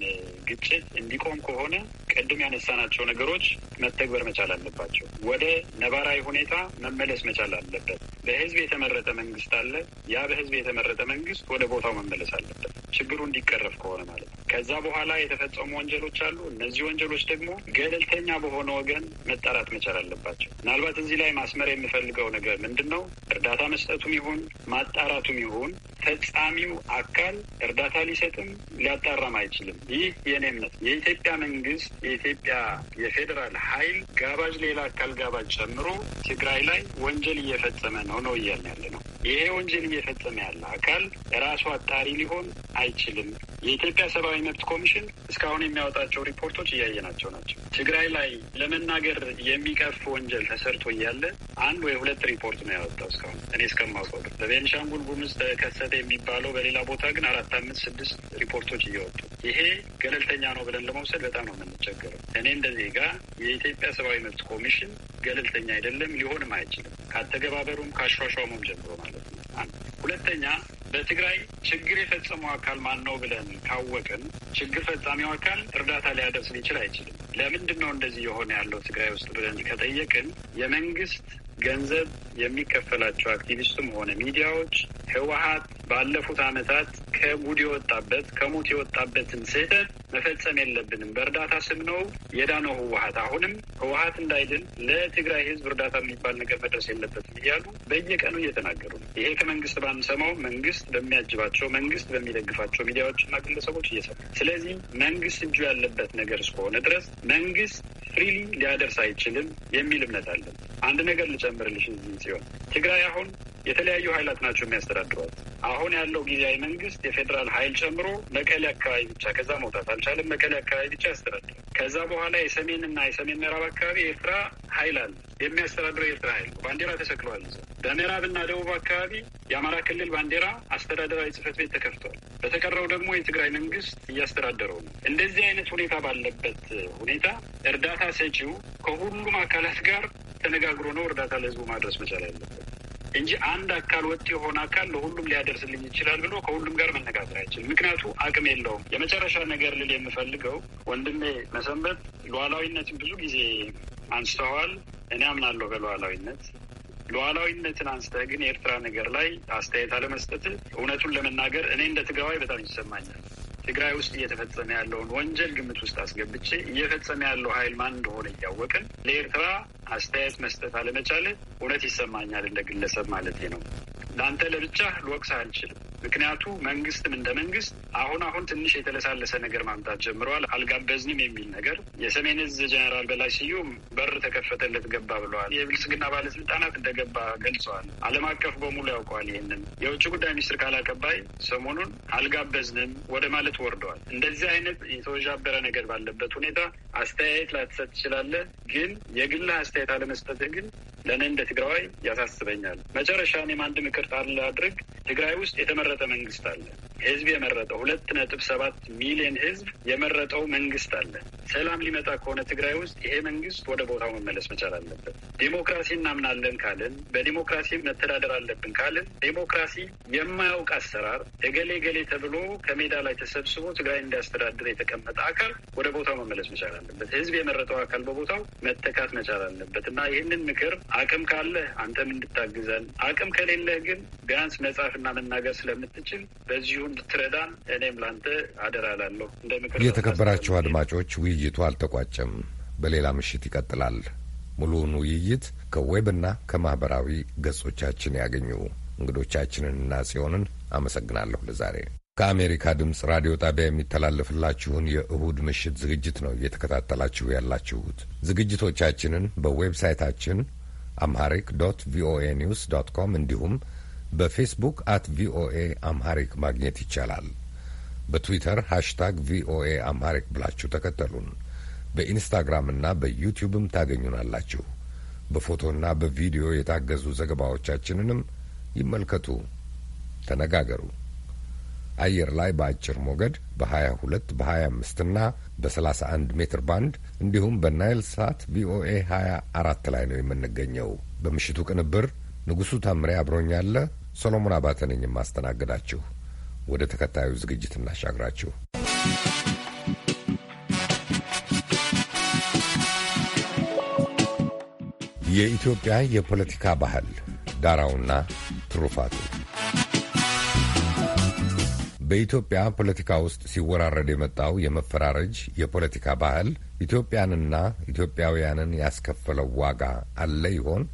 [SPEAKER 3] ግጭት እንዲቆም ከሆነ ቅድም ያነሳናቸው ነገሮች መተግበር መቻል አለባቸው። ወደ ነባራዊ ሁኔታ መመለስ መቻል አለበት። በህዝብ የተመረጠ መንግስት አለ። ያ በህዝብ የተመረጠ መንግስት ወደ ቦታው መመለስ አለበት። ችግሩ እንዲቀረፍ ከሆነ ማለት ነው። ከዛ በኋላ የተፈጸሙ ወንጀሎች አሉ። እነዚህ ወንጀሎች ደግሞ ገለልተኛ በሆነ ወገን መጣራት መቻል አለባቸው። ምናልባት እዚህ ላይ ማስመር የምፈልገው ነገር ምንድን ነው? እርዳታ መስጠቱም ይሁን ማጣራቱም ይሁን ፈጻሚው አካል እርዳታ ሊሰጥም ሊያጣራም አይችልም። ይህ የኔ እምነት። የኢትዮጵያ መንግስት የኢትዮጵያ የፌዴራል ኃይል ጋባዥ ሌላ አካል ጋባዥ ጨምሮ ትግራይ ላይ ወንጀል እየፈጸመ ነው ነው እያልን ያለ ይሄ ወንጀል እየፈጸመ ያለ አካል ራሱ አጣሪ ሊሆን አይችልም የኢትዮጵያ ሰብአዊ መብት ኮሚሽን እስካሁን የሚያወጣቸው ሪፖርቶች እያየናቸው ናቸው። ትግራይ ላይ ለመናገር የሚቀፍ ወንጀል ተሰርቶ እያለ አንድ ወይ ሁለት ሪፖርት ነው ያወጣው እስካሁን እኔ እስከማውቀው። በቤንሻንጉል ጉምዝ ተከሰተ የሚባለው በሌላ ቦታ ግን አራት አምስት ስድስት ሪፖርቶች እየወጡ ይሄ ገለልተኛ ነው ብለን ለመውሰድ በጣም ነው የምንቸገረው። እኔ እንደዚህ ጋር የኢትዮጵያ ሰብአዊ መብት ኮሚሽን ገለልተኛ አይደለም፣ ሊሆንም አይችልም። ካተገባበሩም ካሿሿሙም ጀምሮ ማለት ነው። ሁለተኛ በትግራይ ችግር የፈጸመው አካል ማን ነው ብለን ካወቅን ችግር ፈጻሚው አካል እርዳታ ሊያደርስ ሊችል አይችልም። ለምንድን ነው እንደዚህ የሆነ ያለው ትግራይ ውስጥ ብለን ከጠየቅን የመንግስት ገንዘብ የሚከፈላቸው አክቲቪስትም ሆነ ሚዲያዎች ህወሀት ባለፉት አመታት ከጉድ የወጣበት ከሞት የወጣበትን ስህተት መፈጸም የለብንም። በእርዳታ ስም ነው የዳነው ህወሀት። አሁንም ህወሀት እንዳይድን ለትግራይ ህዝብ እርዳታ የሚባል ነገር መድረስ የለበትም እያሉ በየቀኑ እየተናገሩ ነው። ይሄ ከመንግስት ባንሰማው መንግስት በሚያጅባቸው መንግስት በሚደግፋቸው ሚዲያዎችና ግለሰቦች እየሰሩ ስለዚህ መንግስት እጁ ያለበት ነገር እስከሆነ ድረስ መንግስት ፍሪሊ ሊያደርስ አይችልም የሚል እምነት አለን። አንድ ነገር ልጨ ልጨምርልሽ እዚህ ሲሆን ትግራይ አሁን የተለያዩ ኃይላት ናቸው የሚያስተዳድሯት። አሁን ያለው ጊዜያዊ መንግስት የፌዴራል ኃይል ጨምሮ መቀሌ አካባቢ ብቻ ከዛ መውጣት አልቻለም። መቀሌ አካባቢ ብቻ ያስተዳድራል። ከዛ በኋላ የሰሜን እና የሰሜን ምዕራብ አካባቢ የኤርትራ ኃይል አለ የሚያስተዳድረው የኤርትራ ኃይል ባንዲራ ተሰቅሏል። በምዕራብ ደቡብ አካባቢ የአማራ ክልል ባንዲራ አስተዳደራዊ ጽህፈት ቤት ተከፍቷል። በተቀረው ደግሞ የትግራይ መንግስት እያስተዳደረው ነው። እንደዚህ አይነት ሁኔታ ባለበት ሁኔታ እርዳታ ሰጪው ከሁሉም አካላት ጋር ተነጋግሮ ነው እርዳታ ለህዝቡ ማድረስ መቻል ያለበት። እንጂ አንድ አካል ወጥ የሆነ አካል ለሁሉም ሊያደርስልኝ ይችላል ብሎ ከሁሉም ጋር መነጋገር አይችልም። ምክንያቱ አቅም የለውም። የመጨረሻ ነገር ልል የምፈልገው ወንድሜ መሰንበት ሉዓላዊነትን ብዙ ጊዜ አንስተዋል። እኔ አምናለሁ በሉዓላዊነት ሉዓላዊነትን አንስተ ግን የኤርትራ ነገር ላይ አስተያየት አለመስጠት እውነቱን ለመናገር እኔ እንደ ትግራዋይ በጣም ይሰማኛል። ትግራይ ውስጥ እየተፈጸመ ያለውን ወንጀል ግምት ውስጥ አስገብቼ እየፈጸመ ያለው ኃይል ማን እንደሆነ እያወቅን ለኤርትራ አስተያየት መስጠት አለመቻል እውነት ይሰማኛል፣ እንደ ግለሰብ ማለት ነው። ለአንተ ለብቻ ልወቅስህ አልችልም። ምክንያቱ መንግስትም እንደ መንግስት አሁን አሁን ትንሽ የተለሳለሰ ነገር ማምጣት ጀምረዋል። አልጋበዝንም የሚል ነገር የሰሜን እዝ ጀኔራል በላይ ስዩም በር ተከፈተለት ገባ ብለዋል። የብልጽግና ባለስልጣናት እንደገባ ገልጸዋል። ዓለም አቀፍ በሙሉ ያውቀዋል። ይህንን የውጭ ጉዳይ ሚኒስትር ቃል አቀባይ ሰሞኑን አልጋበዝንም ወደ ማለት ግጭት ወርደዋል። እንደዚህ አይነት የተወዣበረ ነገር ባለበት ሁኔታ አስተያየት ላትሰጥ ትችላለህ። ግን የግል አስተያየት አለመስጠትህ ግን ለእኔ እንደ ትግራዋይ ያሳስበኛል። መጨረሻ እኔም አንድ ምክር ጣል አድርግ። ትግራይ ውስጥ የተመረጠ መንግስት አለ። ህዝብ የመረጠው ሁለት ነጥብ ሰባት ሚሊዮን ህዝብ የመረጠው መንግስት አለ። ሰላም ሊመጣ ከሆነ ትግራይ ውስጥ ይሄ መንግስት ወደ ቦታው መመለስ መቻል አለበት። ዴሞክራሲ እናምናለን ካልን፣ በዲሞክራሲ መተዳደር አለብን ካልን፣ ዴሞክራሲ የማያውቅ አሰራር እገሌ ገሌ ተብሎ ከሜዳ ላይ ተሰብስቦ ትግራይ እንዲያስተዳድር የተቀመጠ አካል ወደ ቦታው መመለስ መቻል አለበት። ህዝብ የመረጠው አካል በቦታው መተካት መቻል አለበት እና ይህንን ምክር አቅም ካለ አንተም እንድታግዘን፣ አቅም ከሌለህ ግን ቢያንስ መጻፍና መናገር ስለምትችል በዚሁ እንድትረዳን እኔም ላንተ አደራ ላለሁ። እንደ ምክር የተከበራችሁ
[SPEAKER 2] አድማጮች፣ ውይይቱ አልተቋጨም፣ በሌላ ምሽት ይቀጥላል። ሙሉውን ውይይት ከዌብና ከማኅበራዊ ገጾቻችን ያገኙ። እንግዶቻችንንና ጽዮንን አመሰግናለሁ። ለዛሬ ከአሜሪካ ድምፅ ራዲዮ ጣቢያ የሚተላለፍላችሁን የእሁድ ምሽት ዝግጅት ነው እየተከታተላችሁ ያላችሁት። ዝግጅቶቻችንን በዌብሳይታችን አምሃሪክ ዶት ቪኦኤ ኒውስ ዶት ኮም እንዲሁም በፌስቡክ አት ቪኦኤ አምሃሪክ ማግኘት ይቻላል። በትዊተር ሃሽታግ ቪኦኤ አምሃሪክ ብላችሁ ተከተሉን። በኢንስታግራምና በዩቲዩብም ታገኙናላችሁ። በፎቶና በቪዲዮ የታገዙ ዘገባዎቻችንንም ይመልከቱ፣ ተነጋገሩ። አየር ላይ በአጭር ሞገድ በ22 በ25 እና በ31 ሜትር ባንድ እንዲሁም በናይል ሳት ቪኦኤ 24 ላይ ነው የምንገኘው። በምሽቱ ቅንብር ንጉሡ ታምሬ አብሮኛለ። ሰሎሞን አባተ ነኝ የማስተናግዳችሁ። ወደ ተከታዩ ዝግጅት እናሻግራችሁ። የኢትዮጵያ የፖለቲካ ባህል ዳራውና ትሩፋቱ። በኢትዮጵያ ፖለቲካ ውስጥ ሲወራረድ የመጣው የመፈራረጅ የፖለቲካ ባህል ኢትዮጵያንና ኢትዮጵያውያንን ያስከፈለው ዋጋ አለ ይሆን?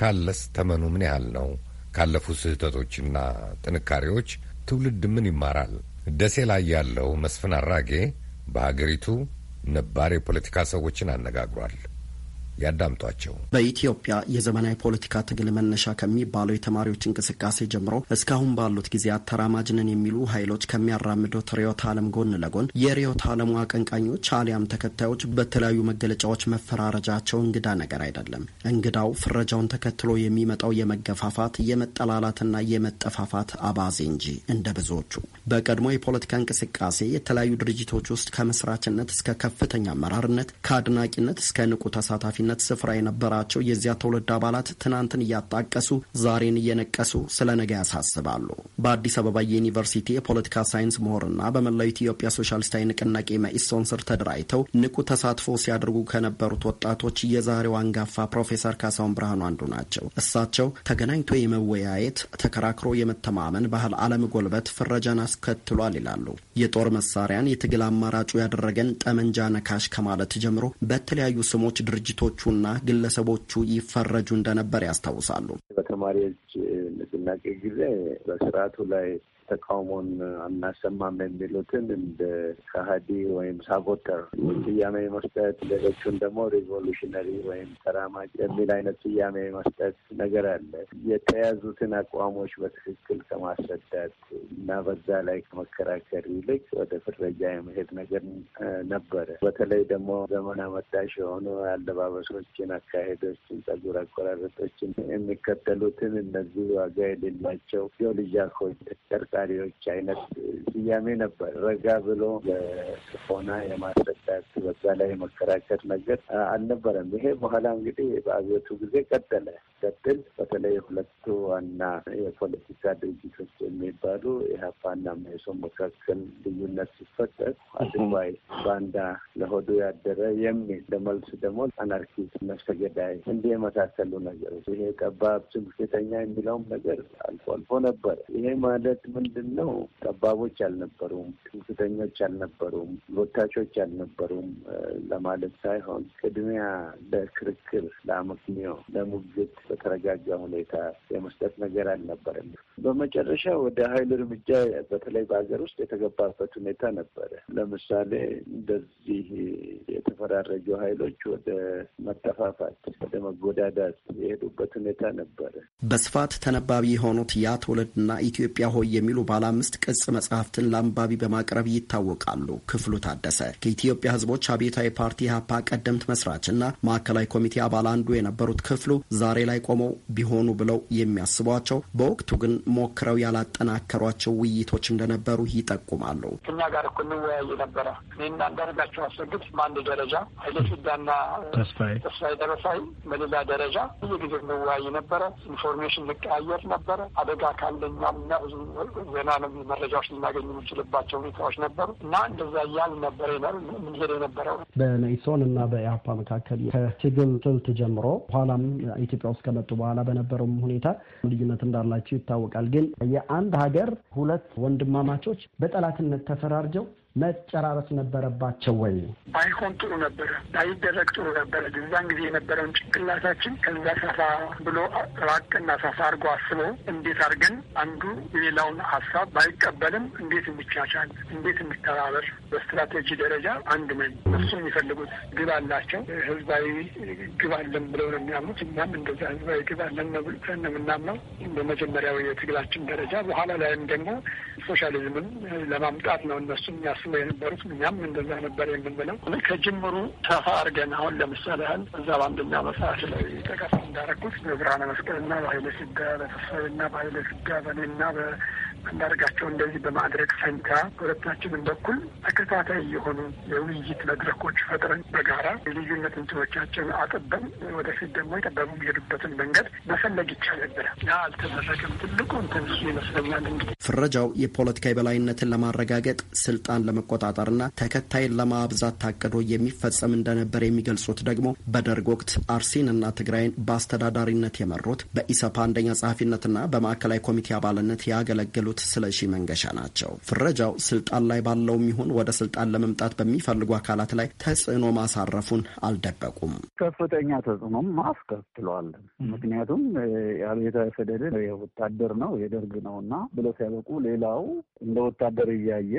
[SPEAKER 2] ካለስ ተመኑ ምን ያህል ነው? ካለፉት ስህተቶችና ጥንካሬዎች ትውልድ ምን ይማራል? ደሴ ላይ ያለው መስፍን አራጌ በሀገሪቱ ነባር የፖለቲካ ሰዎችን አነጋግሯል። ያዳምጧቸው።
[SPEAKER 9] በኢትዮጵያ የዘመናዊ ፖለቲካ ትግል መነሻ ከሚባለው የተማሪዎች እንቅስቃሴ ጀምሮ እስካሁን ባሉት ጊዜያት ተራማጅንን የሚሉ ኃይሎች ከሚያራምዱት ርዕዮተ ዓለም ጎን ለጎን የርዕዮተ ዓለሙ አቀንቃኞች አሊያም ተከታዮች በተለያዩ መገለጫዎች መፈራረጃቸው እንግዳ ነገር አይደለም። እንግዳው ፍረጃውን ተከትሎ የሚመጣው የመገፋፋት የመጠላላትና የመጠፋፋት አባዜ እንጂ እንደ ብዙዎቹ በቀድሞ የፖለቲካ እንቅስቃሴ የተለያዩ ድርጅቶች ውስጥ ከመስራችነት እስከ ከፍተኛ አመራርነት ከአድናቂነት እስከ ንቁ ተሳታፊ የኃላፊነት ስፍራ የነበራቸው የዚያ ትውልድ አባላት ትናንትን እያጣቀሱ ዛሬን እየነቀሱ ስለ ነገ ያሳስባሉ። በአዲስ አበባ የዩኒቨርሲቲ የፖለቲካ ሳይንስ ምሁርና በመላው ኢትዮጵያ ሶሻሊስታዊ ንቅናቄ መኢሶን ስር ተደራጅተው ንቁ ተሳትፎ ሲያደርጉ ከነበሩት ወጣቶች የዛሬው አንጋፋ ፕሮፌሰር ካሳሁን ብርሃኑ አንዱ ናቸው። እሳቸው ተገናኝቶ የመወያየት ተከራክሮ የመተማመን ባህል አለም ጎልበት ፍረጃን አስከትሏል ይላሉ። የጦር መሳሪያን የትግል አማራጩ ያደረገን ጠመንጃ ነካሽ ከማለት ጀምሮ በተለያዩ ስሞች ድርጅቶች ቡድኖቹና ግለሰቦቹ ይፈረጁ እንደነበር ያስታውሳሉ።
[SPEAKER 5] በተማሪዎች ንቅናቄ ጊዜ በስርዓቱ ላይ ተቃውሞን አናሰማም የሚሉትን እንደ ካሀዲ ወይም ሳቦተር ስያሜ መስጠት፣ ሌሎቹን ደግሞ ሪቮሉሽነሪ ወይም ተራማጭ የሚል አይነት ስያሜ መስጠት ነገር አለ። የተያዙትን አቋሞች በትክክል ከማስረዳት እና በዛ ላይ ከመከራከር ይልቅ ወደ ፍረጃ የመሄድ ነገር ነበረ። በተለይ ደግሞ ዘመን አመጣሽ የሆኑ አለባበሶችን፣ አካሄዶችን፣ ጸጉር አቆራረጦችን የሚከተሉትን እነዚህ ዋጋ የሌላቸው ጆልጃኮች፣ ጨርቃ ፈጣሪዎች አይነት ስያሜ ነበር። ረጋ ብሎ ሆና የማስረዳት በዛ ላይ የመከራከር ነገር አልነበረም። ይሄ በኋላ እንግዲህ በአብዮቱ ጊዜ ቀጠለ ቀጥል በተለይ ሁለቱ ዋና የፖለቲካ ድርጅቶች የሚባሉ ኢህአፓና መኢሶን መካከል ልዩነት ሲፈጠር አድባይ ባንዳ ለሆዱ ያደረ የሚል ለመልስ ደግሞ አናርኪስት፣ መሰገዳይ ገዳይ እንዲህ የመሳሰሉ ነገሮች ይሄ ጠባብ ትምክህተኛ የሚለውም ነገር አልፎ አልፎ ነበረ። ይሄ ማለት ምን ምንድን ነው ጠባቦች አልነበሩም፣ ትምክህተኞች አልነበሩም፣ ቦታቾች አልነበሩም ለማለት ሳይሆን ቅድሚያ ለክርክር፣ ለአመክንዮ፣ ለሙግት በተረጋጋ ሁኔታ የመስጠት ነገር አልነበረም። በመጨረሻ ወደ ኃይል እርምጃ በተለይ በሀገር ውስጥ የተገባበት ሁኔታ ነበረ። ለምሳሌ እንደዚህ የተፈራረጁ ኃይሎች ወደ መጠፋፋት፣ ወደ መጎዳዳት የሄዱበት ሁኔታ ነበረ።
[SPEAKER 9] በስፋት ተነባቢ የሆኑት ያ ትውልድና ኢትዮጵያ ሆይ የሚሉ የሚሉ ባለ አምስት ቅጽ መጽሐፍትን ለአንባቢ በማቅረብ ይታወቃሉ። ክፍሉ ታደሰ ከኢትዮጵያ ሕዝቦች አብዮታዊ ፓርቲ ኢህአፓ ቀደምት መስራችና ማዕከላዊ ኮሚቴ አባል አንዱ የነበሩት ክፍሉ ዛሬ ላይ ቆመው ቢሆኑ ብለው የሚያስቧቸው በወቅቱ ግን ሞክረው ያላጠናከሯቸው ውይይቶች እንደነበሩ ይጠቁማሉ።
[SPEAKER 6] ከኛ ጋር እኮ እንወያይ ነበረ። እኔና አንዳርጋቸው አስወግድ በአንድ ደረጃ፣ ኃይለ ፊዳና ተስፋዬ ደረሳይ በሌላ ደረጃ ብዙ ጊዜ እንወያይ ነበረ። ኢንፎርሜሽን ልቀያየር ነበረ። አደጋ ካለኛም እና ዜና መረጃዎች ልናገኝ የምንችልባቸው ሁኔታዎች ነበሩ እና እንደዛ እያል ነበር ምንሄድ የነበረው።
[SPEAKER 9] በመኢሶን እና በኢህአፓ መካከል ከትግል ስልት ጀምሮ በኋላም ኢትዮጵያ ውስጥ ከመጡ በኋላ በነበረውም ሁኔታ ልዩነት እንዳላቸው ይታወቃል። ግን የአንድ ሀገር ሁለት ወንድማማቾች በጠላትነት ተፈራርጀው መጨራረስ ነበረባቸው ወይ?
[SPEAKER 6] ባይሆን ጥሩ ነበረ፣ ባይደረግ ጥሩ ነበረ። እዛን ጊዜ የነበረውን ጭንቅላታችን ከዛ ሰፋ ብሎ ራቅና ሰፋ አድርጎ አስቦ እንዴት አድርገን አንዱ የሌላውን ሀሳብ ባይቀበልም እንዴት እንቻቻል፣ እንዴት እንተባበር፣ በስትራቴጂ ደረጃ አንድ ነን። እሱ የሚፈልጉት ግብ አላቸው። ህዝባዊ ግብ አለን ብለው ነው የሚያምኑት። እኛም እንደዛ ህዝባዊ ግብ አለን ነው የምናምነው በመጀመሪያው የትግላችን ደረጃ። በኋላ ላይም ደግሞ ሶሻሊዝምን ለማምጣት ነው እነሱ አስበው የነበሩት እኛም እንደዛ ነበር የምንለው። ከጅምሩ ተፋ አድርገን አሁን ለምሳሌ ያህል እዛ በአንደኛ መጽሐፍ ላይ ጠቀሳ እንዳረኩት በብርሃነ መስቀልና በኃይለ ስጋ በተስፋዬና በኃይለ ስጋ በእኔና አንዳርጋቸው እንደዚህ በማድረግ ፈንታ በሁለታችንም በኩል ተከታታይ የሆኑ የውይይት መድረኮች ፈጥረን በጋራ የልዩነት እንትኖቻችን አጥበን ወደፊት ደግሞ የጠበቡ የሄዱበትን መንገድ መፈለግ ይቻል ነበረ። ያ አልተደረገም። ትልቁ እንትን ይመስለኛል እንግዲህ
[SPEAKER 9] ፍረጃው የፖለቲካ የበላይነትን ለማረጋገጥ ስልጣን ለመቆጣጠርና ተከታይን ለማብዛት ታቅዶ የሚፈጸም እንደነበር የሚገልጹት ደግሞ በደርግ ወቅት አርሲንና ትግራይን በአስተዳዳሪነት የመሩት በኢሰፓ አንደኛ ጸሐፊነትና በማዕከላዊ ኮሚቴ አባልነት ያገለገሉ የሚሉት ስለሺ መንገሻ ናቸው። ፍረጃው ስልጣን ላይ ባለው ይሁን ወደ ስልጣን ለመምጣት በሚፈልጉ አካላት ላይ ተጽዕኖ ማሳረፉን አልደበቁም።
[SPEAKER 10] ከፍተኛ ተጽዕኖም አስከትሏል። ምክንያቱም የአብዮታዊ አስተዳደር የወታደር ነው የደርግ ነው እና ብለው ሲያበቁ ሌላው እንደ ወታደር እያየ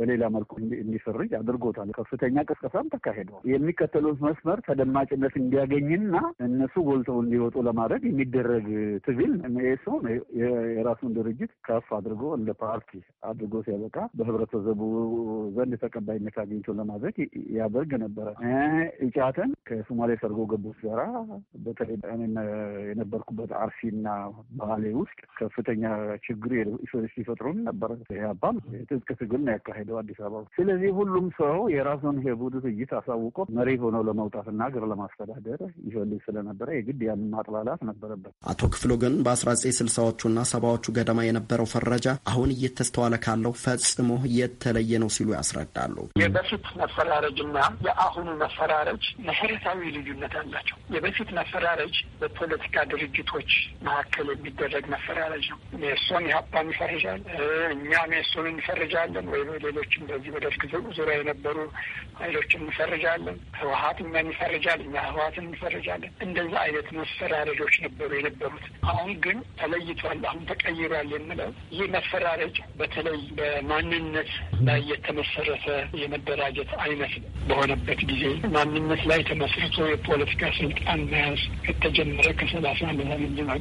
[SPEAKER 10] በሌላ መልኩ እንዲፈርጅ አድርጎታል። ከፍተኛ ቅስቀሳም ተካሂደዋል። የሚከተሉት መስመር ተደማጭነት እንዲያገኝና እነሱ ጎልተው እንዲወጡ ለማድረግ የሚደረግ ትግል ሱ የራሱን ድርጅት ከፍ አድርጎ እንደ ፓርቲ አድርጎ ሲያበቃ በህብረተሰቡ ዘንድ ተቀባይነት አግኝቶ ለማድረግ ያደርግ ነበረ። ኢጫትን ከሶማሌ ሰርጎ ገቦች ጋራ በተለይ የነበርኩበት አርሲና ባህሌ ውስጥ ከፍተኛ ችግር ሲፈጥሩን ነበረ። ያባም ትጥቅ ትግል ነው ያካሄደው አዲስ አበባ። ስለዚህ ሁሉም ሰው የራሱን የቡድ ትይት አሳውቆ መሪ ሆኖ ለመውጣትና ሀገር ለማስተዳደር ይፈልግ ስለነበረ የግድ ያን ማጥላላት ነበረበት።
[SPEAKER 9] አቶ ክፍሎ ግን በአስራ ዘጠኝ ስልሳዎቹና ሰባዎቹ ገደማ የነበረው ፈረ ደረጃ አሁን እየተስተዋለ ካለው ፈጽሞ የተለየ ነው ሲሉ ያስረዳሉ። የበፊት
[SPEAKER 6] መፈራረጅና የአሁኑ መፈራረጅ መሰረታዊ ልዩነት አላቸው። የበፊት መፈራረጅ በፖለቲካ ድርጅቶች መካከል የሚደረግ መፈራረጅ ነው። ሜሶን ኢህአፓን ይፈርጃል፣ እኛ ሜሶን እንፈርጃለን፣ ወይም ሌሎችም በዚህ በደርግ ዙሪያ የነበሩ ኃይሎች እንፈርጃለን፣ ህወሀት እኛን ይፈርጃል፣ እኛ ህወሀትን እንፈርጃለን። እንደዛ አይነት መፈራረጆች ነበሩ የነበሩት። አሁን ግን ተለይቷል። አሁን ተቀይሯል የምለው መፈራረጅ በተለይ በማንነት ላይ የተመሰረተ የመደራጀት አይነት በሆነበት ጊዜ ማንነት ላይ ተመስርቶ የፖለቲካ ስልጣን መያዝ ከተጀመረ ከሰላሳ ዓመት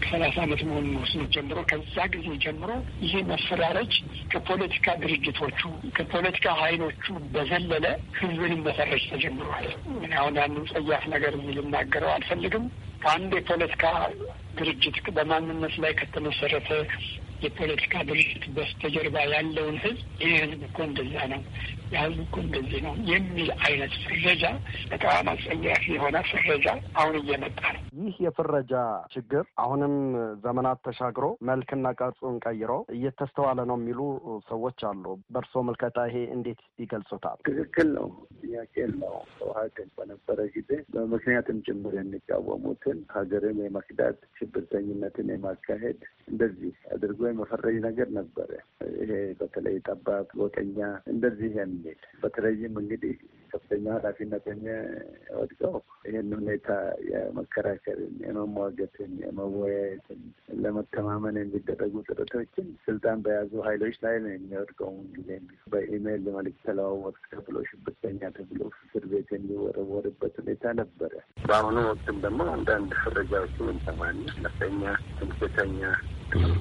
[SPEAKER 6] ከሰላሳ አመት መሆኑን ወስኖ ጀምሮ ከዛ ጊዜ ጀምሮ ይሄ መፈራረጅ ከፖለቲካ ድርጅቶቹ ከፖለቲካ ሀይሎቹ በዘለለ ህዝብንም መፈረጅ ተጀምሯል። ምን አሁን ያንን ጸያፍ ነገር ልናገረው አልፈልግም። ከአንድ የፖለቲካ ድርጅት በማንነት ላይ ከተመሰረተ የፖለቲካ ድርጅት በስተጀርባ ያለውን ህዝብ ይህ ህዝብ እኮ እንደዛ ነው፣ የህዝብ እኮ እንደዚህ ነው የሚል አይነት ፍረጃ፣ በጣም አስጸያፊ የሆነ ፍረጃ አሁን እየመጣ ነው።
[SPEAKER 9] ይህ የፍረጃ ችግር አሁንም ዘመናት ተሻግሮ መልክና ቅርጹን ቀይሮ እየተስተዋለ ነው የሚሉ ሰዎች አሉ። በእርስዎ ምልከታ ይሄ እንዴት ይገልጹታል? ትክክል ነው፣
[SPEAKER 5] ጥያቄ ነው። ህወሓትን በነበረ ጊዜ በምክንያትም ጭምር የሚቃወሙትን ሀገርን የመክዳት ሽብርተኝነትን የማካሄድ እንደዚህ አድርጎ ወይም ወፈረኝ ነገር ነበረ። ይሄ በተለይ ጠባብ ጎጠኛ እንደዚህ የሚል በተለይም እንግዲህ ከፍተኛ ኃላፊነት ወድቀው ይህን ሁኔታ የመከራከርን፣ የመሟገትን፣ የመወያየትን ለመተማመን የሚደረጉ ጥረቶችን ስልጣን በያዙ ኃይሎች ላይ ነው የሚወድቀው። ጊዜ በኢሜይል መልዕክት ተለዋወጥ ተብሎ ሽብርተኛ ተብሎ እስር ቤት የሚወረወርበት ሁኔታ ነበረ። በአሁኑ ወቅትም ደግሞ አንዳንድ ፍረጃዎች እንሰማለን። ነፍጠኛ፣ ትምክተኛ፣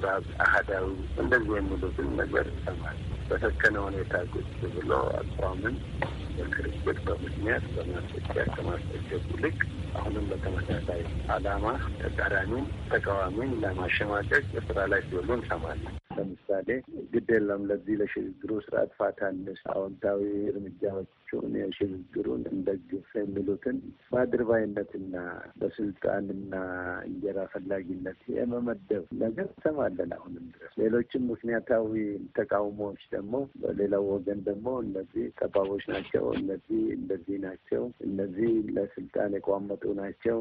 [SPEAKER 5] ባብ፣ አህዳዊ እንደዚህ የሚሉትን ነገር ይሰማል። በሰከነ ሁኔታ ቁጭ ብሎ አቋምን በክርክር በምክንያት በማስረጃ ከማስጠጀቡ ልቅ አሁንም በተመሳሳይ አላማ ተቃራሚን ተቃዋሚን ለማሸማቀቅ በስራ ላይ ሲውሉ እንሰማለን። ለምሳሌ ግድ የለም ለዚህ ለሽግግሩ ስርዓት ፋታ አንስ አዎንታዊ እርምጃዎቹን የሽግግሩን እንደግፍ የሚሉትን በአድርባይነትና በስልጣንና እንጀራ ፈላጊነት የመመደብ ነገር ሰማለን አሁንም ድረስ። ሌሎችም ምክንያታዊ ተቃውሞዎች ደግሞ በሌላው ወገን ደግሞ እነዚህ ጠባቦች ናቸው፣ እነዚህ እንደዚህ ናቸው፣ እነዚህ ለስልጣን የቋመጡ ናቸው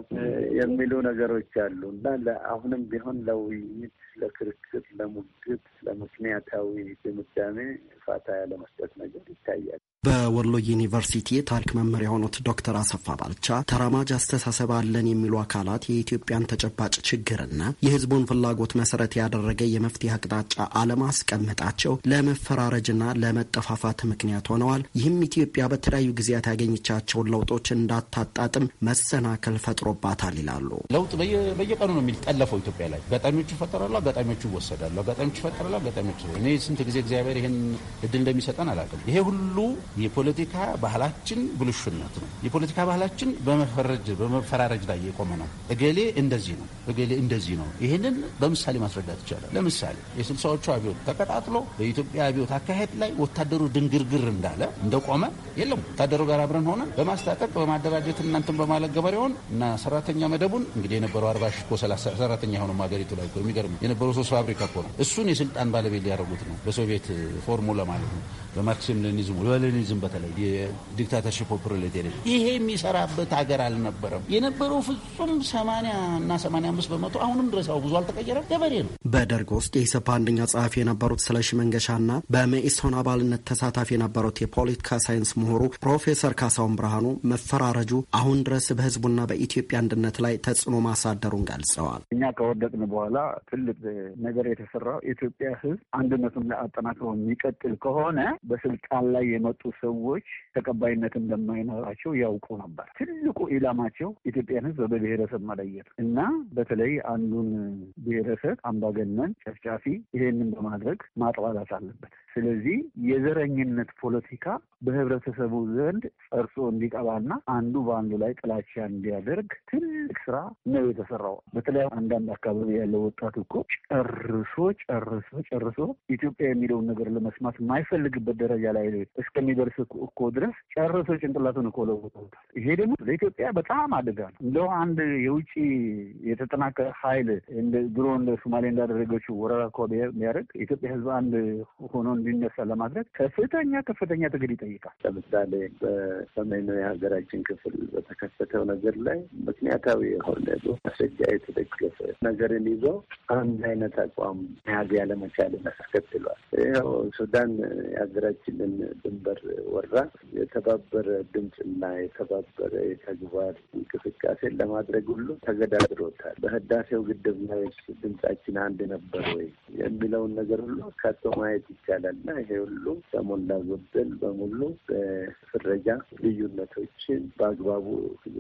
[SPEAKER 5] የሚሉ ነገሮች አሉ እና አሁንም ቢሆን ለውይይት፣ ለክርክር፣ ለሙግት ስለ ምክንያታዊ ድምዳሜ ፋታ ያለመስጠት
[SPEAKER 9] ነገር ይታያል። በወሎ ዩኒቨርሲቲ የታሪክ መምህር የሆኑት ዶክተር አሰፋ ባልቻ ተራማጅ አስተሳሰብ አለን የሚሉ አካላት የኢትዮጵያን ተጨባጭ ችግርና የሕዝቡን ፍላጎት መሰረት ያደረገ የመፍትሄ አቅጣጫ አለማስቀመጣቸው ለመፈራረጅና ለመጠፋፋት ምክንያት ሆነዋል። ይህም ኢትዮጵያ በተለያዩ ጊዜያት ያገኘቻቸውን ለውጦች እንዳታጣጥም መሰናከል ፈጥሮባታል ይላሉ።
[SPEAKER 7] ለውጥ በየቀኑ ነው የሚጠለፈው ኢትዮጵያ ላይ። አጋጣሚዎቹ ይፈጠራሉ፣ አጋጣሚዎቹ ይወሰዳሉ፣ አጋጣሚዎች ይፈጠራሉ፣ አጋጣሚዎች እኔ ስንት ጊዜ እግዚአብሔር ይህን እድል እንደሚሰጠን አላውቅም። ይሄ ሁሉ የፖለቲካ ባህላችን ብልሹነት ነው። የፖለቲካ ባህላችን በመፈረጅ በመፈራረጅ ላይ የቆመ ነው። እገሌ እንደዚህ ነው፣ እገሌ እንደዚህ ነው። ይህንን በምሳሌ ማስረዳት ይቻላል። ለምሳሌ የስልሳዎቹ አብዮት ተቀጣጥሎ በኢትዮጵያ አብዮት አካሄድ ላይ ወታደሩ ድንግርግር እንዳለ እንደቆመ የለም ወታደሩ ጋር አብረን ሆነ በማስታጠቅ በማደራጀት እናንትን በማለት ገበሬውን እና ሰራተኛ መደቡን እንግዲህ የነበረው አርባ ሺህ እኮ ሰራተኛ የሆነው ሀገሪቱ ላይ የሚገርም የነበረው ሶስት ፋብሪካ እኮ ነው። እሱን የስልጣን ባለቤት ሊያደርጉት ነው በሶቪየት ፎርሙላ ማለት ነው በማርክሲም ሌኒዝሙ ኮሎኒዝም በተለይ የዲክታተርሽፕ ፕሮሌቴሪ ይሄ የሚሰራበት ሀገር አልነበረም የነበረው ፍጹም 80 እና 85 በመቶ አሁንም ድረስ ያው ብዙ አልተቀየረም። ገበሬ ነው።
[SPEAKER 9] በደርግ ውስጥ የኢሰፓ አንደኛ ጸሐፊ የነበሩት ስለሺ መንገሻና በመኢሶን አባልነት ተሳታፊ የነበሩት የፖለቲካ ሳይንስ ምሁሩ ፕሮፌሰር ካሳሁን ብርሃኑ መፈራረጁ አሁን ድረስ በህዝቡና በኢትዮጵያ አንድነት ላይ ተጽዕኖ ማሳደሩን ገልጸዋል።
[SPEAKER 10] እኛ ከወደቅን በኋላ ትልቅ ነገር የተሰራው ኢትዮጵያ ህዝብ አንድነቱን አጠናክሮ የሚቀጥል ከሆነ በስልጣን ላይ የመጡ ሰዎች ተቀባይነት እንደማይኖራቸው ያውቁ ነበር። ትልቁ ኢላማቸው ኢትዮጵያን ሕዝብ በብሔረሰብ መለየት እና በተለይ አንዱን ብሔረሰብ አምባገነን፣ ጨፍጫፊ ይሄንን በማድረግ ማጥላላት አለበት። ስለዚህ የዘረኝነት ፖለቲካ በህብረተሰቡ ዘንድ ጸርጾ እንዲቀባና አንዱ በአንዱ ላይ ጥላቻ እንዲያደርግ ትልቅ ስራ ነው የተሰራው። በተለይ አንዳንድ አካባቢ ያለው ወጣት እኮ ጨርሶ ጨርሶ ጨርሶ ኢትዮጵያ የሚለውን ነገር ለመስማት የማይፈልግበት ደረጃ ላይ እስከሚ እስከሚደርስ እኮ ድረስ ጨርሶ ጭንቅላቱን እኮ ለውጠውታል። ይሄ ደግሞ ለኢትዮጵያ በጣም አደጋ ነው። እንደው አንድ የውጭ የተጠናከረ ኃይል ድሮ እንደ ሶማሌ እንዳደረገችው ወረራ እኮ ቢያደርግ የኢትዮጵያ ሕዝብ አንድ ሆኖ እንዲነሳ ለማድረግ ከፍተኛ ከፍተኛ ትግል ይጠይቃል።
[SPEAKER 5] ለምሳሌ በሰሜኑ የሀገራችን ክፍል በተከሰተው ነገር ላይ ምክንያታዊ የሆነ ማስረጃ የተደገፈ ነገርን ይዞ አንድ አይነት አቋም መያዝ ያለመቻል አስከትሏል። ይኸው ሱዳን የሀገራችንን ድንበር ወራ የተባበረ ድምፅና የተባበረ የተግባር እንቅስቃሴን ለማድረግ ሁሉ ተገዳድሮታል። በህዳሴው ግድብ ላይ ድምጻችን አንድ ነበር ወይ የሚለውን ነገር ሁሉ አካቶ ማየት ይቻላል እና ይሄ ሁሉ ከሞላ ጎደል በሙሉ በፍረጃ ልዩነቶችን በአግባቡ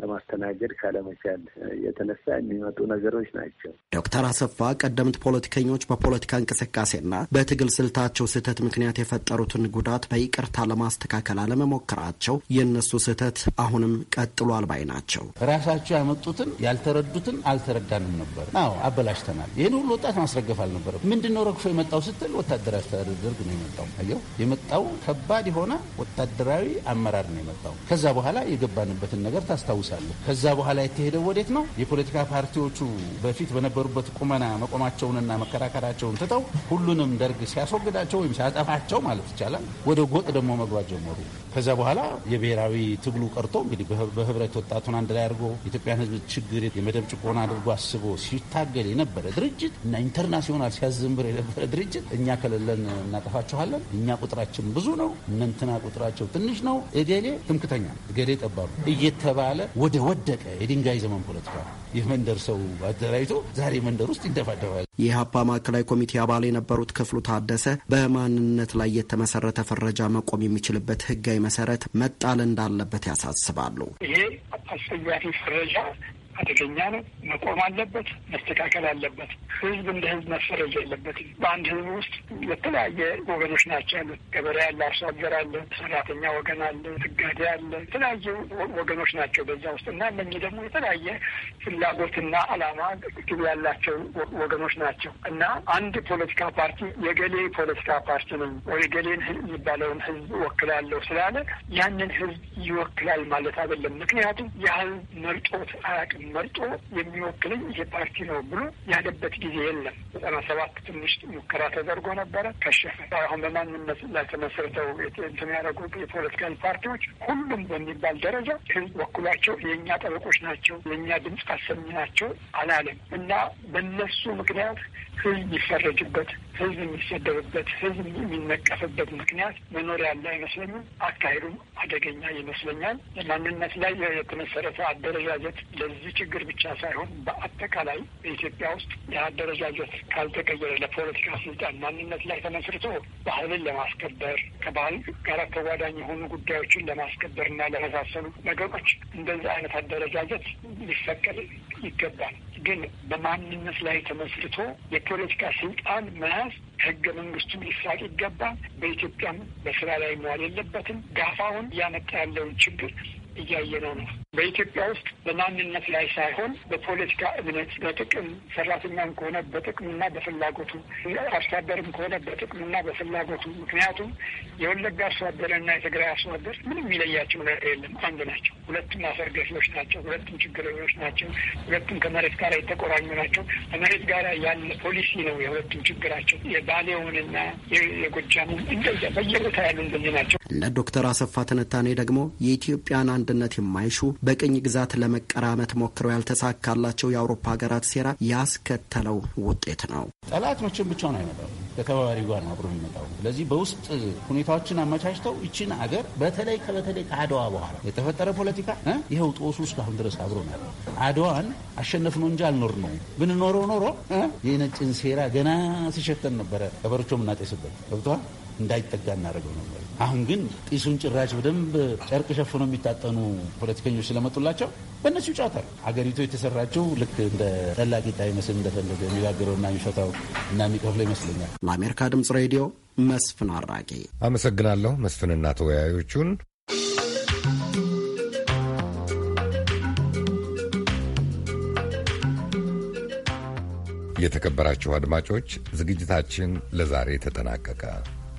[SPEAKER 5] ለማስተናገድ ካለመቻል የተነሳ የሚመጡ ነገሮች ናቸው።
[SPEAKER 9] ዶክተር አሰፋ ቀደምት ፖለቲከኞች በፖለቲካ እንቅስቃሴና በትግል ስልታቸው ስህተት ምክንያት የፈጠሩትን ጉዳት በይቅርታ ለማ ለማስተካከል አለመሞከራቸው የእነሱ ስህተት አሁንም ቀጥሏል ባይ ናቸው።
[SPEAKER 7] ራሳቸው ያመጡትን ያልተረዱትን አልተረዳንም ነበር። አዎ አበላሽተናል። ይህን ሁሉ ወጣት ማስረገፍ አልነበረም። ምንድነው ረግፎ የመጣው ስትል ወታደራዊ አስተዳደር ደርግ ነው የመጣው። አየው የመጣው ከባድ የሆነ ወታደራዊ አመራር ነው የመጣው። ከዛ በኋላ የገባንበትን ነገር ታስታውሳለህ። ከዛ በኋላ የተሄደው ወዴት ነው? የፖለቲካ ፓርቲዎቹ በፊት በነበሩበት ቁመና መቆማቸውንና መከራከራቸውን ትተው ሁሉንም ደርግ ሲያስወግዳቸው ወይም ሲያጠፋቸው ማለት ይቻላል ወደ ጎጥ ደግሞ መግባት መግባባት ጀመሩ። ከዚያ በኋላ የብሔራዊ ትግሉ ቀርቶ እንግዲህ በህብረት ወጣቱን አንድ ላይ አድርጎ የኢትዮጵያን ህዝብ ችግር የመደብ ጭቆን አድርጎ አስቦ ሲታገል የነበረ ድርጅት እና ኢንተርናሲዮናል ሲያዘምር የነበረ ድርጅት እኛ ከሌለን እናጠፋችኋለን፣ እኛ ቁጥራችን ብዙ ነው፣ እነንትና ቁጥራቸው ትንሽ ነው፣ እገሌ ትምክተኛ፣ እገሌ ጠባሉ እየተባለ ወደ ወደቀ የድንጋይ ዘመን ፖለቲካ ነው። የመንደር ሰው አደራጅቶ ዛሬ መንደር ውስጥ ይደፋደፋል።
[SPEAKER 9] የኢህአፓ ማዕከላዊ ኮሚቴ አባል የነበሩት ክፍሉ ታደሰ በማንነት ላይ የተመሰረተ ፈረጃ መቆም የሚችልበት ህጋዊ መሰረት መጣል እንዳለበት ያሳስባሉ።
[SPEAKER 6] ይሄ አስፈላጊ ፈረጃ አደገኛ ነው፣ መቆም አለበት፣ መስተካከል አለበት። ህዝብ እንደ ህዝብ መፈረጅ የለበትም። በአንድ ህዝብ ውስጥ የተለያየ ወገኖች ናቸው ያሉት። ገበሬ አለ፣ አርሶ አደር አለ፣ ሰራተኛ ወገን አለ፣ ነጋዴ አለ። የተለያዩ ወገኖች ናቸው በዛ ውስጥ እና እነኚህ ደግሞ የተለያየ ፍላጎትና አላማ ግብ ያላቸው ወገኖች ናቸው እና አንድ ፖለቲካ ፓርቲ የገሌ ፖለቲካ ፓርቲ ነው ወይ የገሌን የሚባለውን ህዝብ ወክላለሁ ስላለ ያንን ህዝብ ይወክላል ማለት አይደለም። ምክንያቱም ያ መርጦት አያውቅም። መርጦ የሚወክልኝ ይሄ ፓርቲ ነው ብሎ ያለበት ጊዜ የለም። ዘጠና ሰባት ትንሽ ሙከራ ተደርጎ ነበረ፣ ከሸፈ። አሁን በማንነት ላይ ተመስርተው እንትን ያደረጉ የፖለቲካል ፓርቲዎች ሁሉም በሚባል ደረጃ ህዝብ ወክሏቸው የእኛ ጠበቆች ናቸው፣ የእኛ ድምፅ አሰሚ ናቸው አላለም እና በነሱ ምክንያት ህዝብ ይፈረጅበት ህዝብ የሚሰደብበት፣ ህዝብ የሚነቀፍበት ምክንያት መኖር ያለ አይመስለኝም። አካሄዱም አደገኛ ይመስለኛል። ማንነት ላይ የተመሰረተ አደረጃጀት ለዚህ ችግር ብቻ ሳይሆን በአጠቃላይ በኢትዮጵያ ውስጥ የአደረጃጀት ካልተቀየረ ለፖለቲካ ስልጣን ማንነት ላይ ተመስርቶ ባህልን ለማስከበር ከባህል ጋር ተጓዳኝ የሆኑ ጉዳዮችን ለማስከበር እና ለመሳሰሉ ነገሮች እንደዚህ አይነት አደረጃጀት ሊፈቀድ ይገባል። ግን በማንነት ላይ ተመስርቶ የፖለቲካ ስልጣን መያዝ ህገ መንግስቱም ሊሳቅ ይገባል። በኢትዮጵያም በስራ ላይ መዋል የለበትም። ጋፋውን እያመጣ ያለውን ችግር እያየነው ነው። በኢትዮጵያ ውስጥ በማንነት ላይ ሳይሆን በፖለቲካ እምነት፣ በጥቅም ሰራተኛም ከሆነ በጥቅምና በፍላጎቱ፣ አርሶ ከሆነ በጥቅምና በፍላጎቱ። ምክንያቱም የወለጋ አርሶ አደርና የትግራይ አርሶ ምንም የሚለያቸው ነገር የለም፣ አንድ ናቸው። ሁለቱም አፈር ገፊዎች ናቸው። ሁለቱም ችግረኞች ናቸው። ሁለቱም ከመሬት ጋር የተቆራኙ ናቸው። ከመሬት ጋር ያለ ፖሊሲ ነው የሁለቱም ችግራቸው። የባሌውንና የጎጃሙን እንደዚያ በየቦታ ያሉ እንደዚህ ናቸው።
[SPEAKER 9] እንደ ዶክተር አሰፋ ትንታኔ ደግሞ የኢትዮጵያን አንድነት የማይሹ በቅኝ ግዛት ለመቀራመት ሞክረው ያልተሳካላቸው የአውሮፓ ሀገራት ሴራ ያስከተለው ውጤት ነው።
[SPEAKER 7] ጠላት መቼም ነው አይመጣው፣ ከተባባሪ ጋር ነው አብሮ የሚመጣው። ስለዚህ በውስጥ ሁኔታዎችን አመቻችተው ይችን አገር በተለይ ከበተለይ ከአድዋ በኋላ የተፈጠረ ፖለቲካ ይኸው ጦሱ እስካሁን ድረስ አብሮ ነው። አድዋን አሸነፍ ነው እንጂ አልኖር ነው ብንኖረው ኖሮ የነጭን ሴራ ገና ሲሸተን ነበረ ቀበሮቾ ምናጤስበት ገብቷል። እንዳይጠጋ እናደርገው ነበር። አሁን ግን ጢሱን ጭራሽ በደንብ ጨርቅ ሸፍኖ የሚታጠኑ ፖለቲከኞች ስለመጡላቸው በእነሱ ጨዋታ አገሪቱ የተሰራችው ልክ እንደ ጠላቂጣ ይመስል እንደፈለገ እና የሚፈታው እና የሚከፍለው ይመስለኛል።
[SPEAKER 2] ለአሜሪካ ድምጽ ሬዲዮ መስፍን አራቂ አመሰግናለሁ። መስፍንና ተወያዮቹን የተከበራችሁ አድማጮች ዝግጅታችን ለዛሬ ተጠናቀቀ።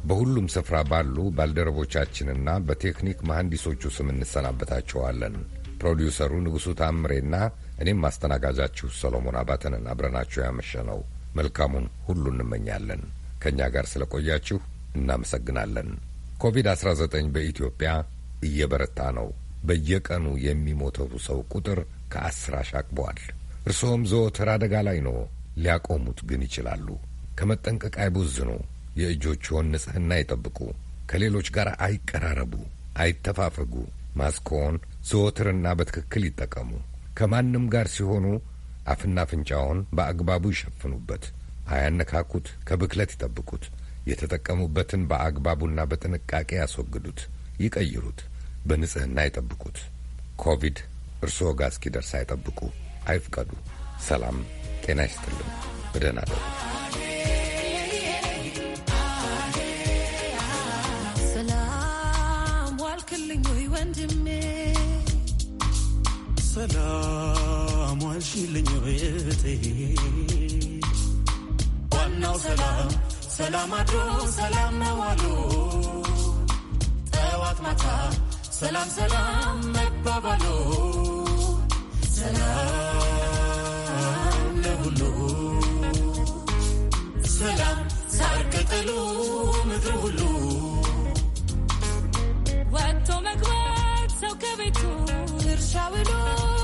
[SPEAKER 2] በሁሉም ስፍራ ባሉ ባልደረቦቻችንና በቴክኒክ መሐንዲሶቹ ስም እንሰናበታችኋለን። ፕሮዲውሰሩ ንጉሡ ታምሬና እኔም አስተናጋጃችሁ ሰሎሞን አባተንን አብረናችሁ ያመሸ ነው። መልካሙን ሁሉ እንመኛለን። ከእኛ ጋር ስለቆያችሁ እናመሰግናለን። ኮቪድ-19 በኢትዮጵያ እየበረታ ነው። በየቀኑ የሚሞተው ሰው ቁጥር ከአስር አሻቅበዋል። እርስዎም ዘወትር አደጋ ላይ ነው። ሊያቆሙት ግን ይችላሉ። ከመጠንቀቅ አይቦዝኑ። የእጆችዎን ንጽህና ይጠብቁ። ከሌሎች ጋር አይቀራረቡ፣ አይተፋፈጉ። ማስኮን ዘወትርና በትክክል ይጠቀሙ። ከማንም ጋር ሲሆኑ አፍና አፍንጫውን በአግባቡ ይሸፍኑበት። አያነካኩት፣ ከብክለት ይጠብቁት። የተጠቀሙበትን በአግባቡና በጥንቃቄ ያስወግዱት፣ ይቀይሩት፣ በንጽህና ይጠብቁት። ኮቪድ እርስዎ ጋር እስኪደርስ አይጠብቁ፣ አይፍቀዱ። ሰላም ጤና ይስጥልን። በደህና እደሩ።
[SPEAKER 5] ሰላም ዋልሽልኝ ቤቴ
[SPEAKER 9] ዋናው ሰላም ሰላም አድሮ ሰላም መዋሉ ጠዋት ማታ ሰላም ሰላም መባባሉ ሰላም ለሁሉ
[SPEAKER 7] ሰላም ሳር ቅጠሉ ምድር ሁሉ
[SPEAKER 1] ወጥቶ መግባት ሰው ከቤቱ we door.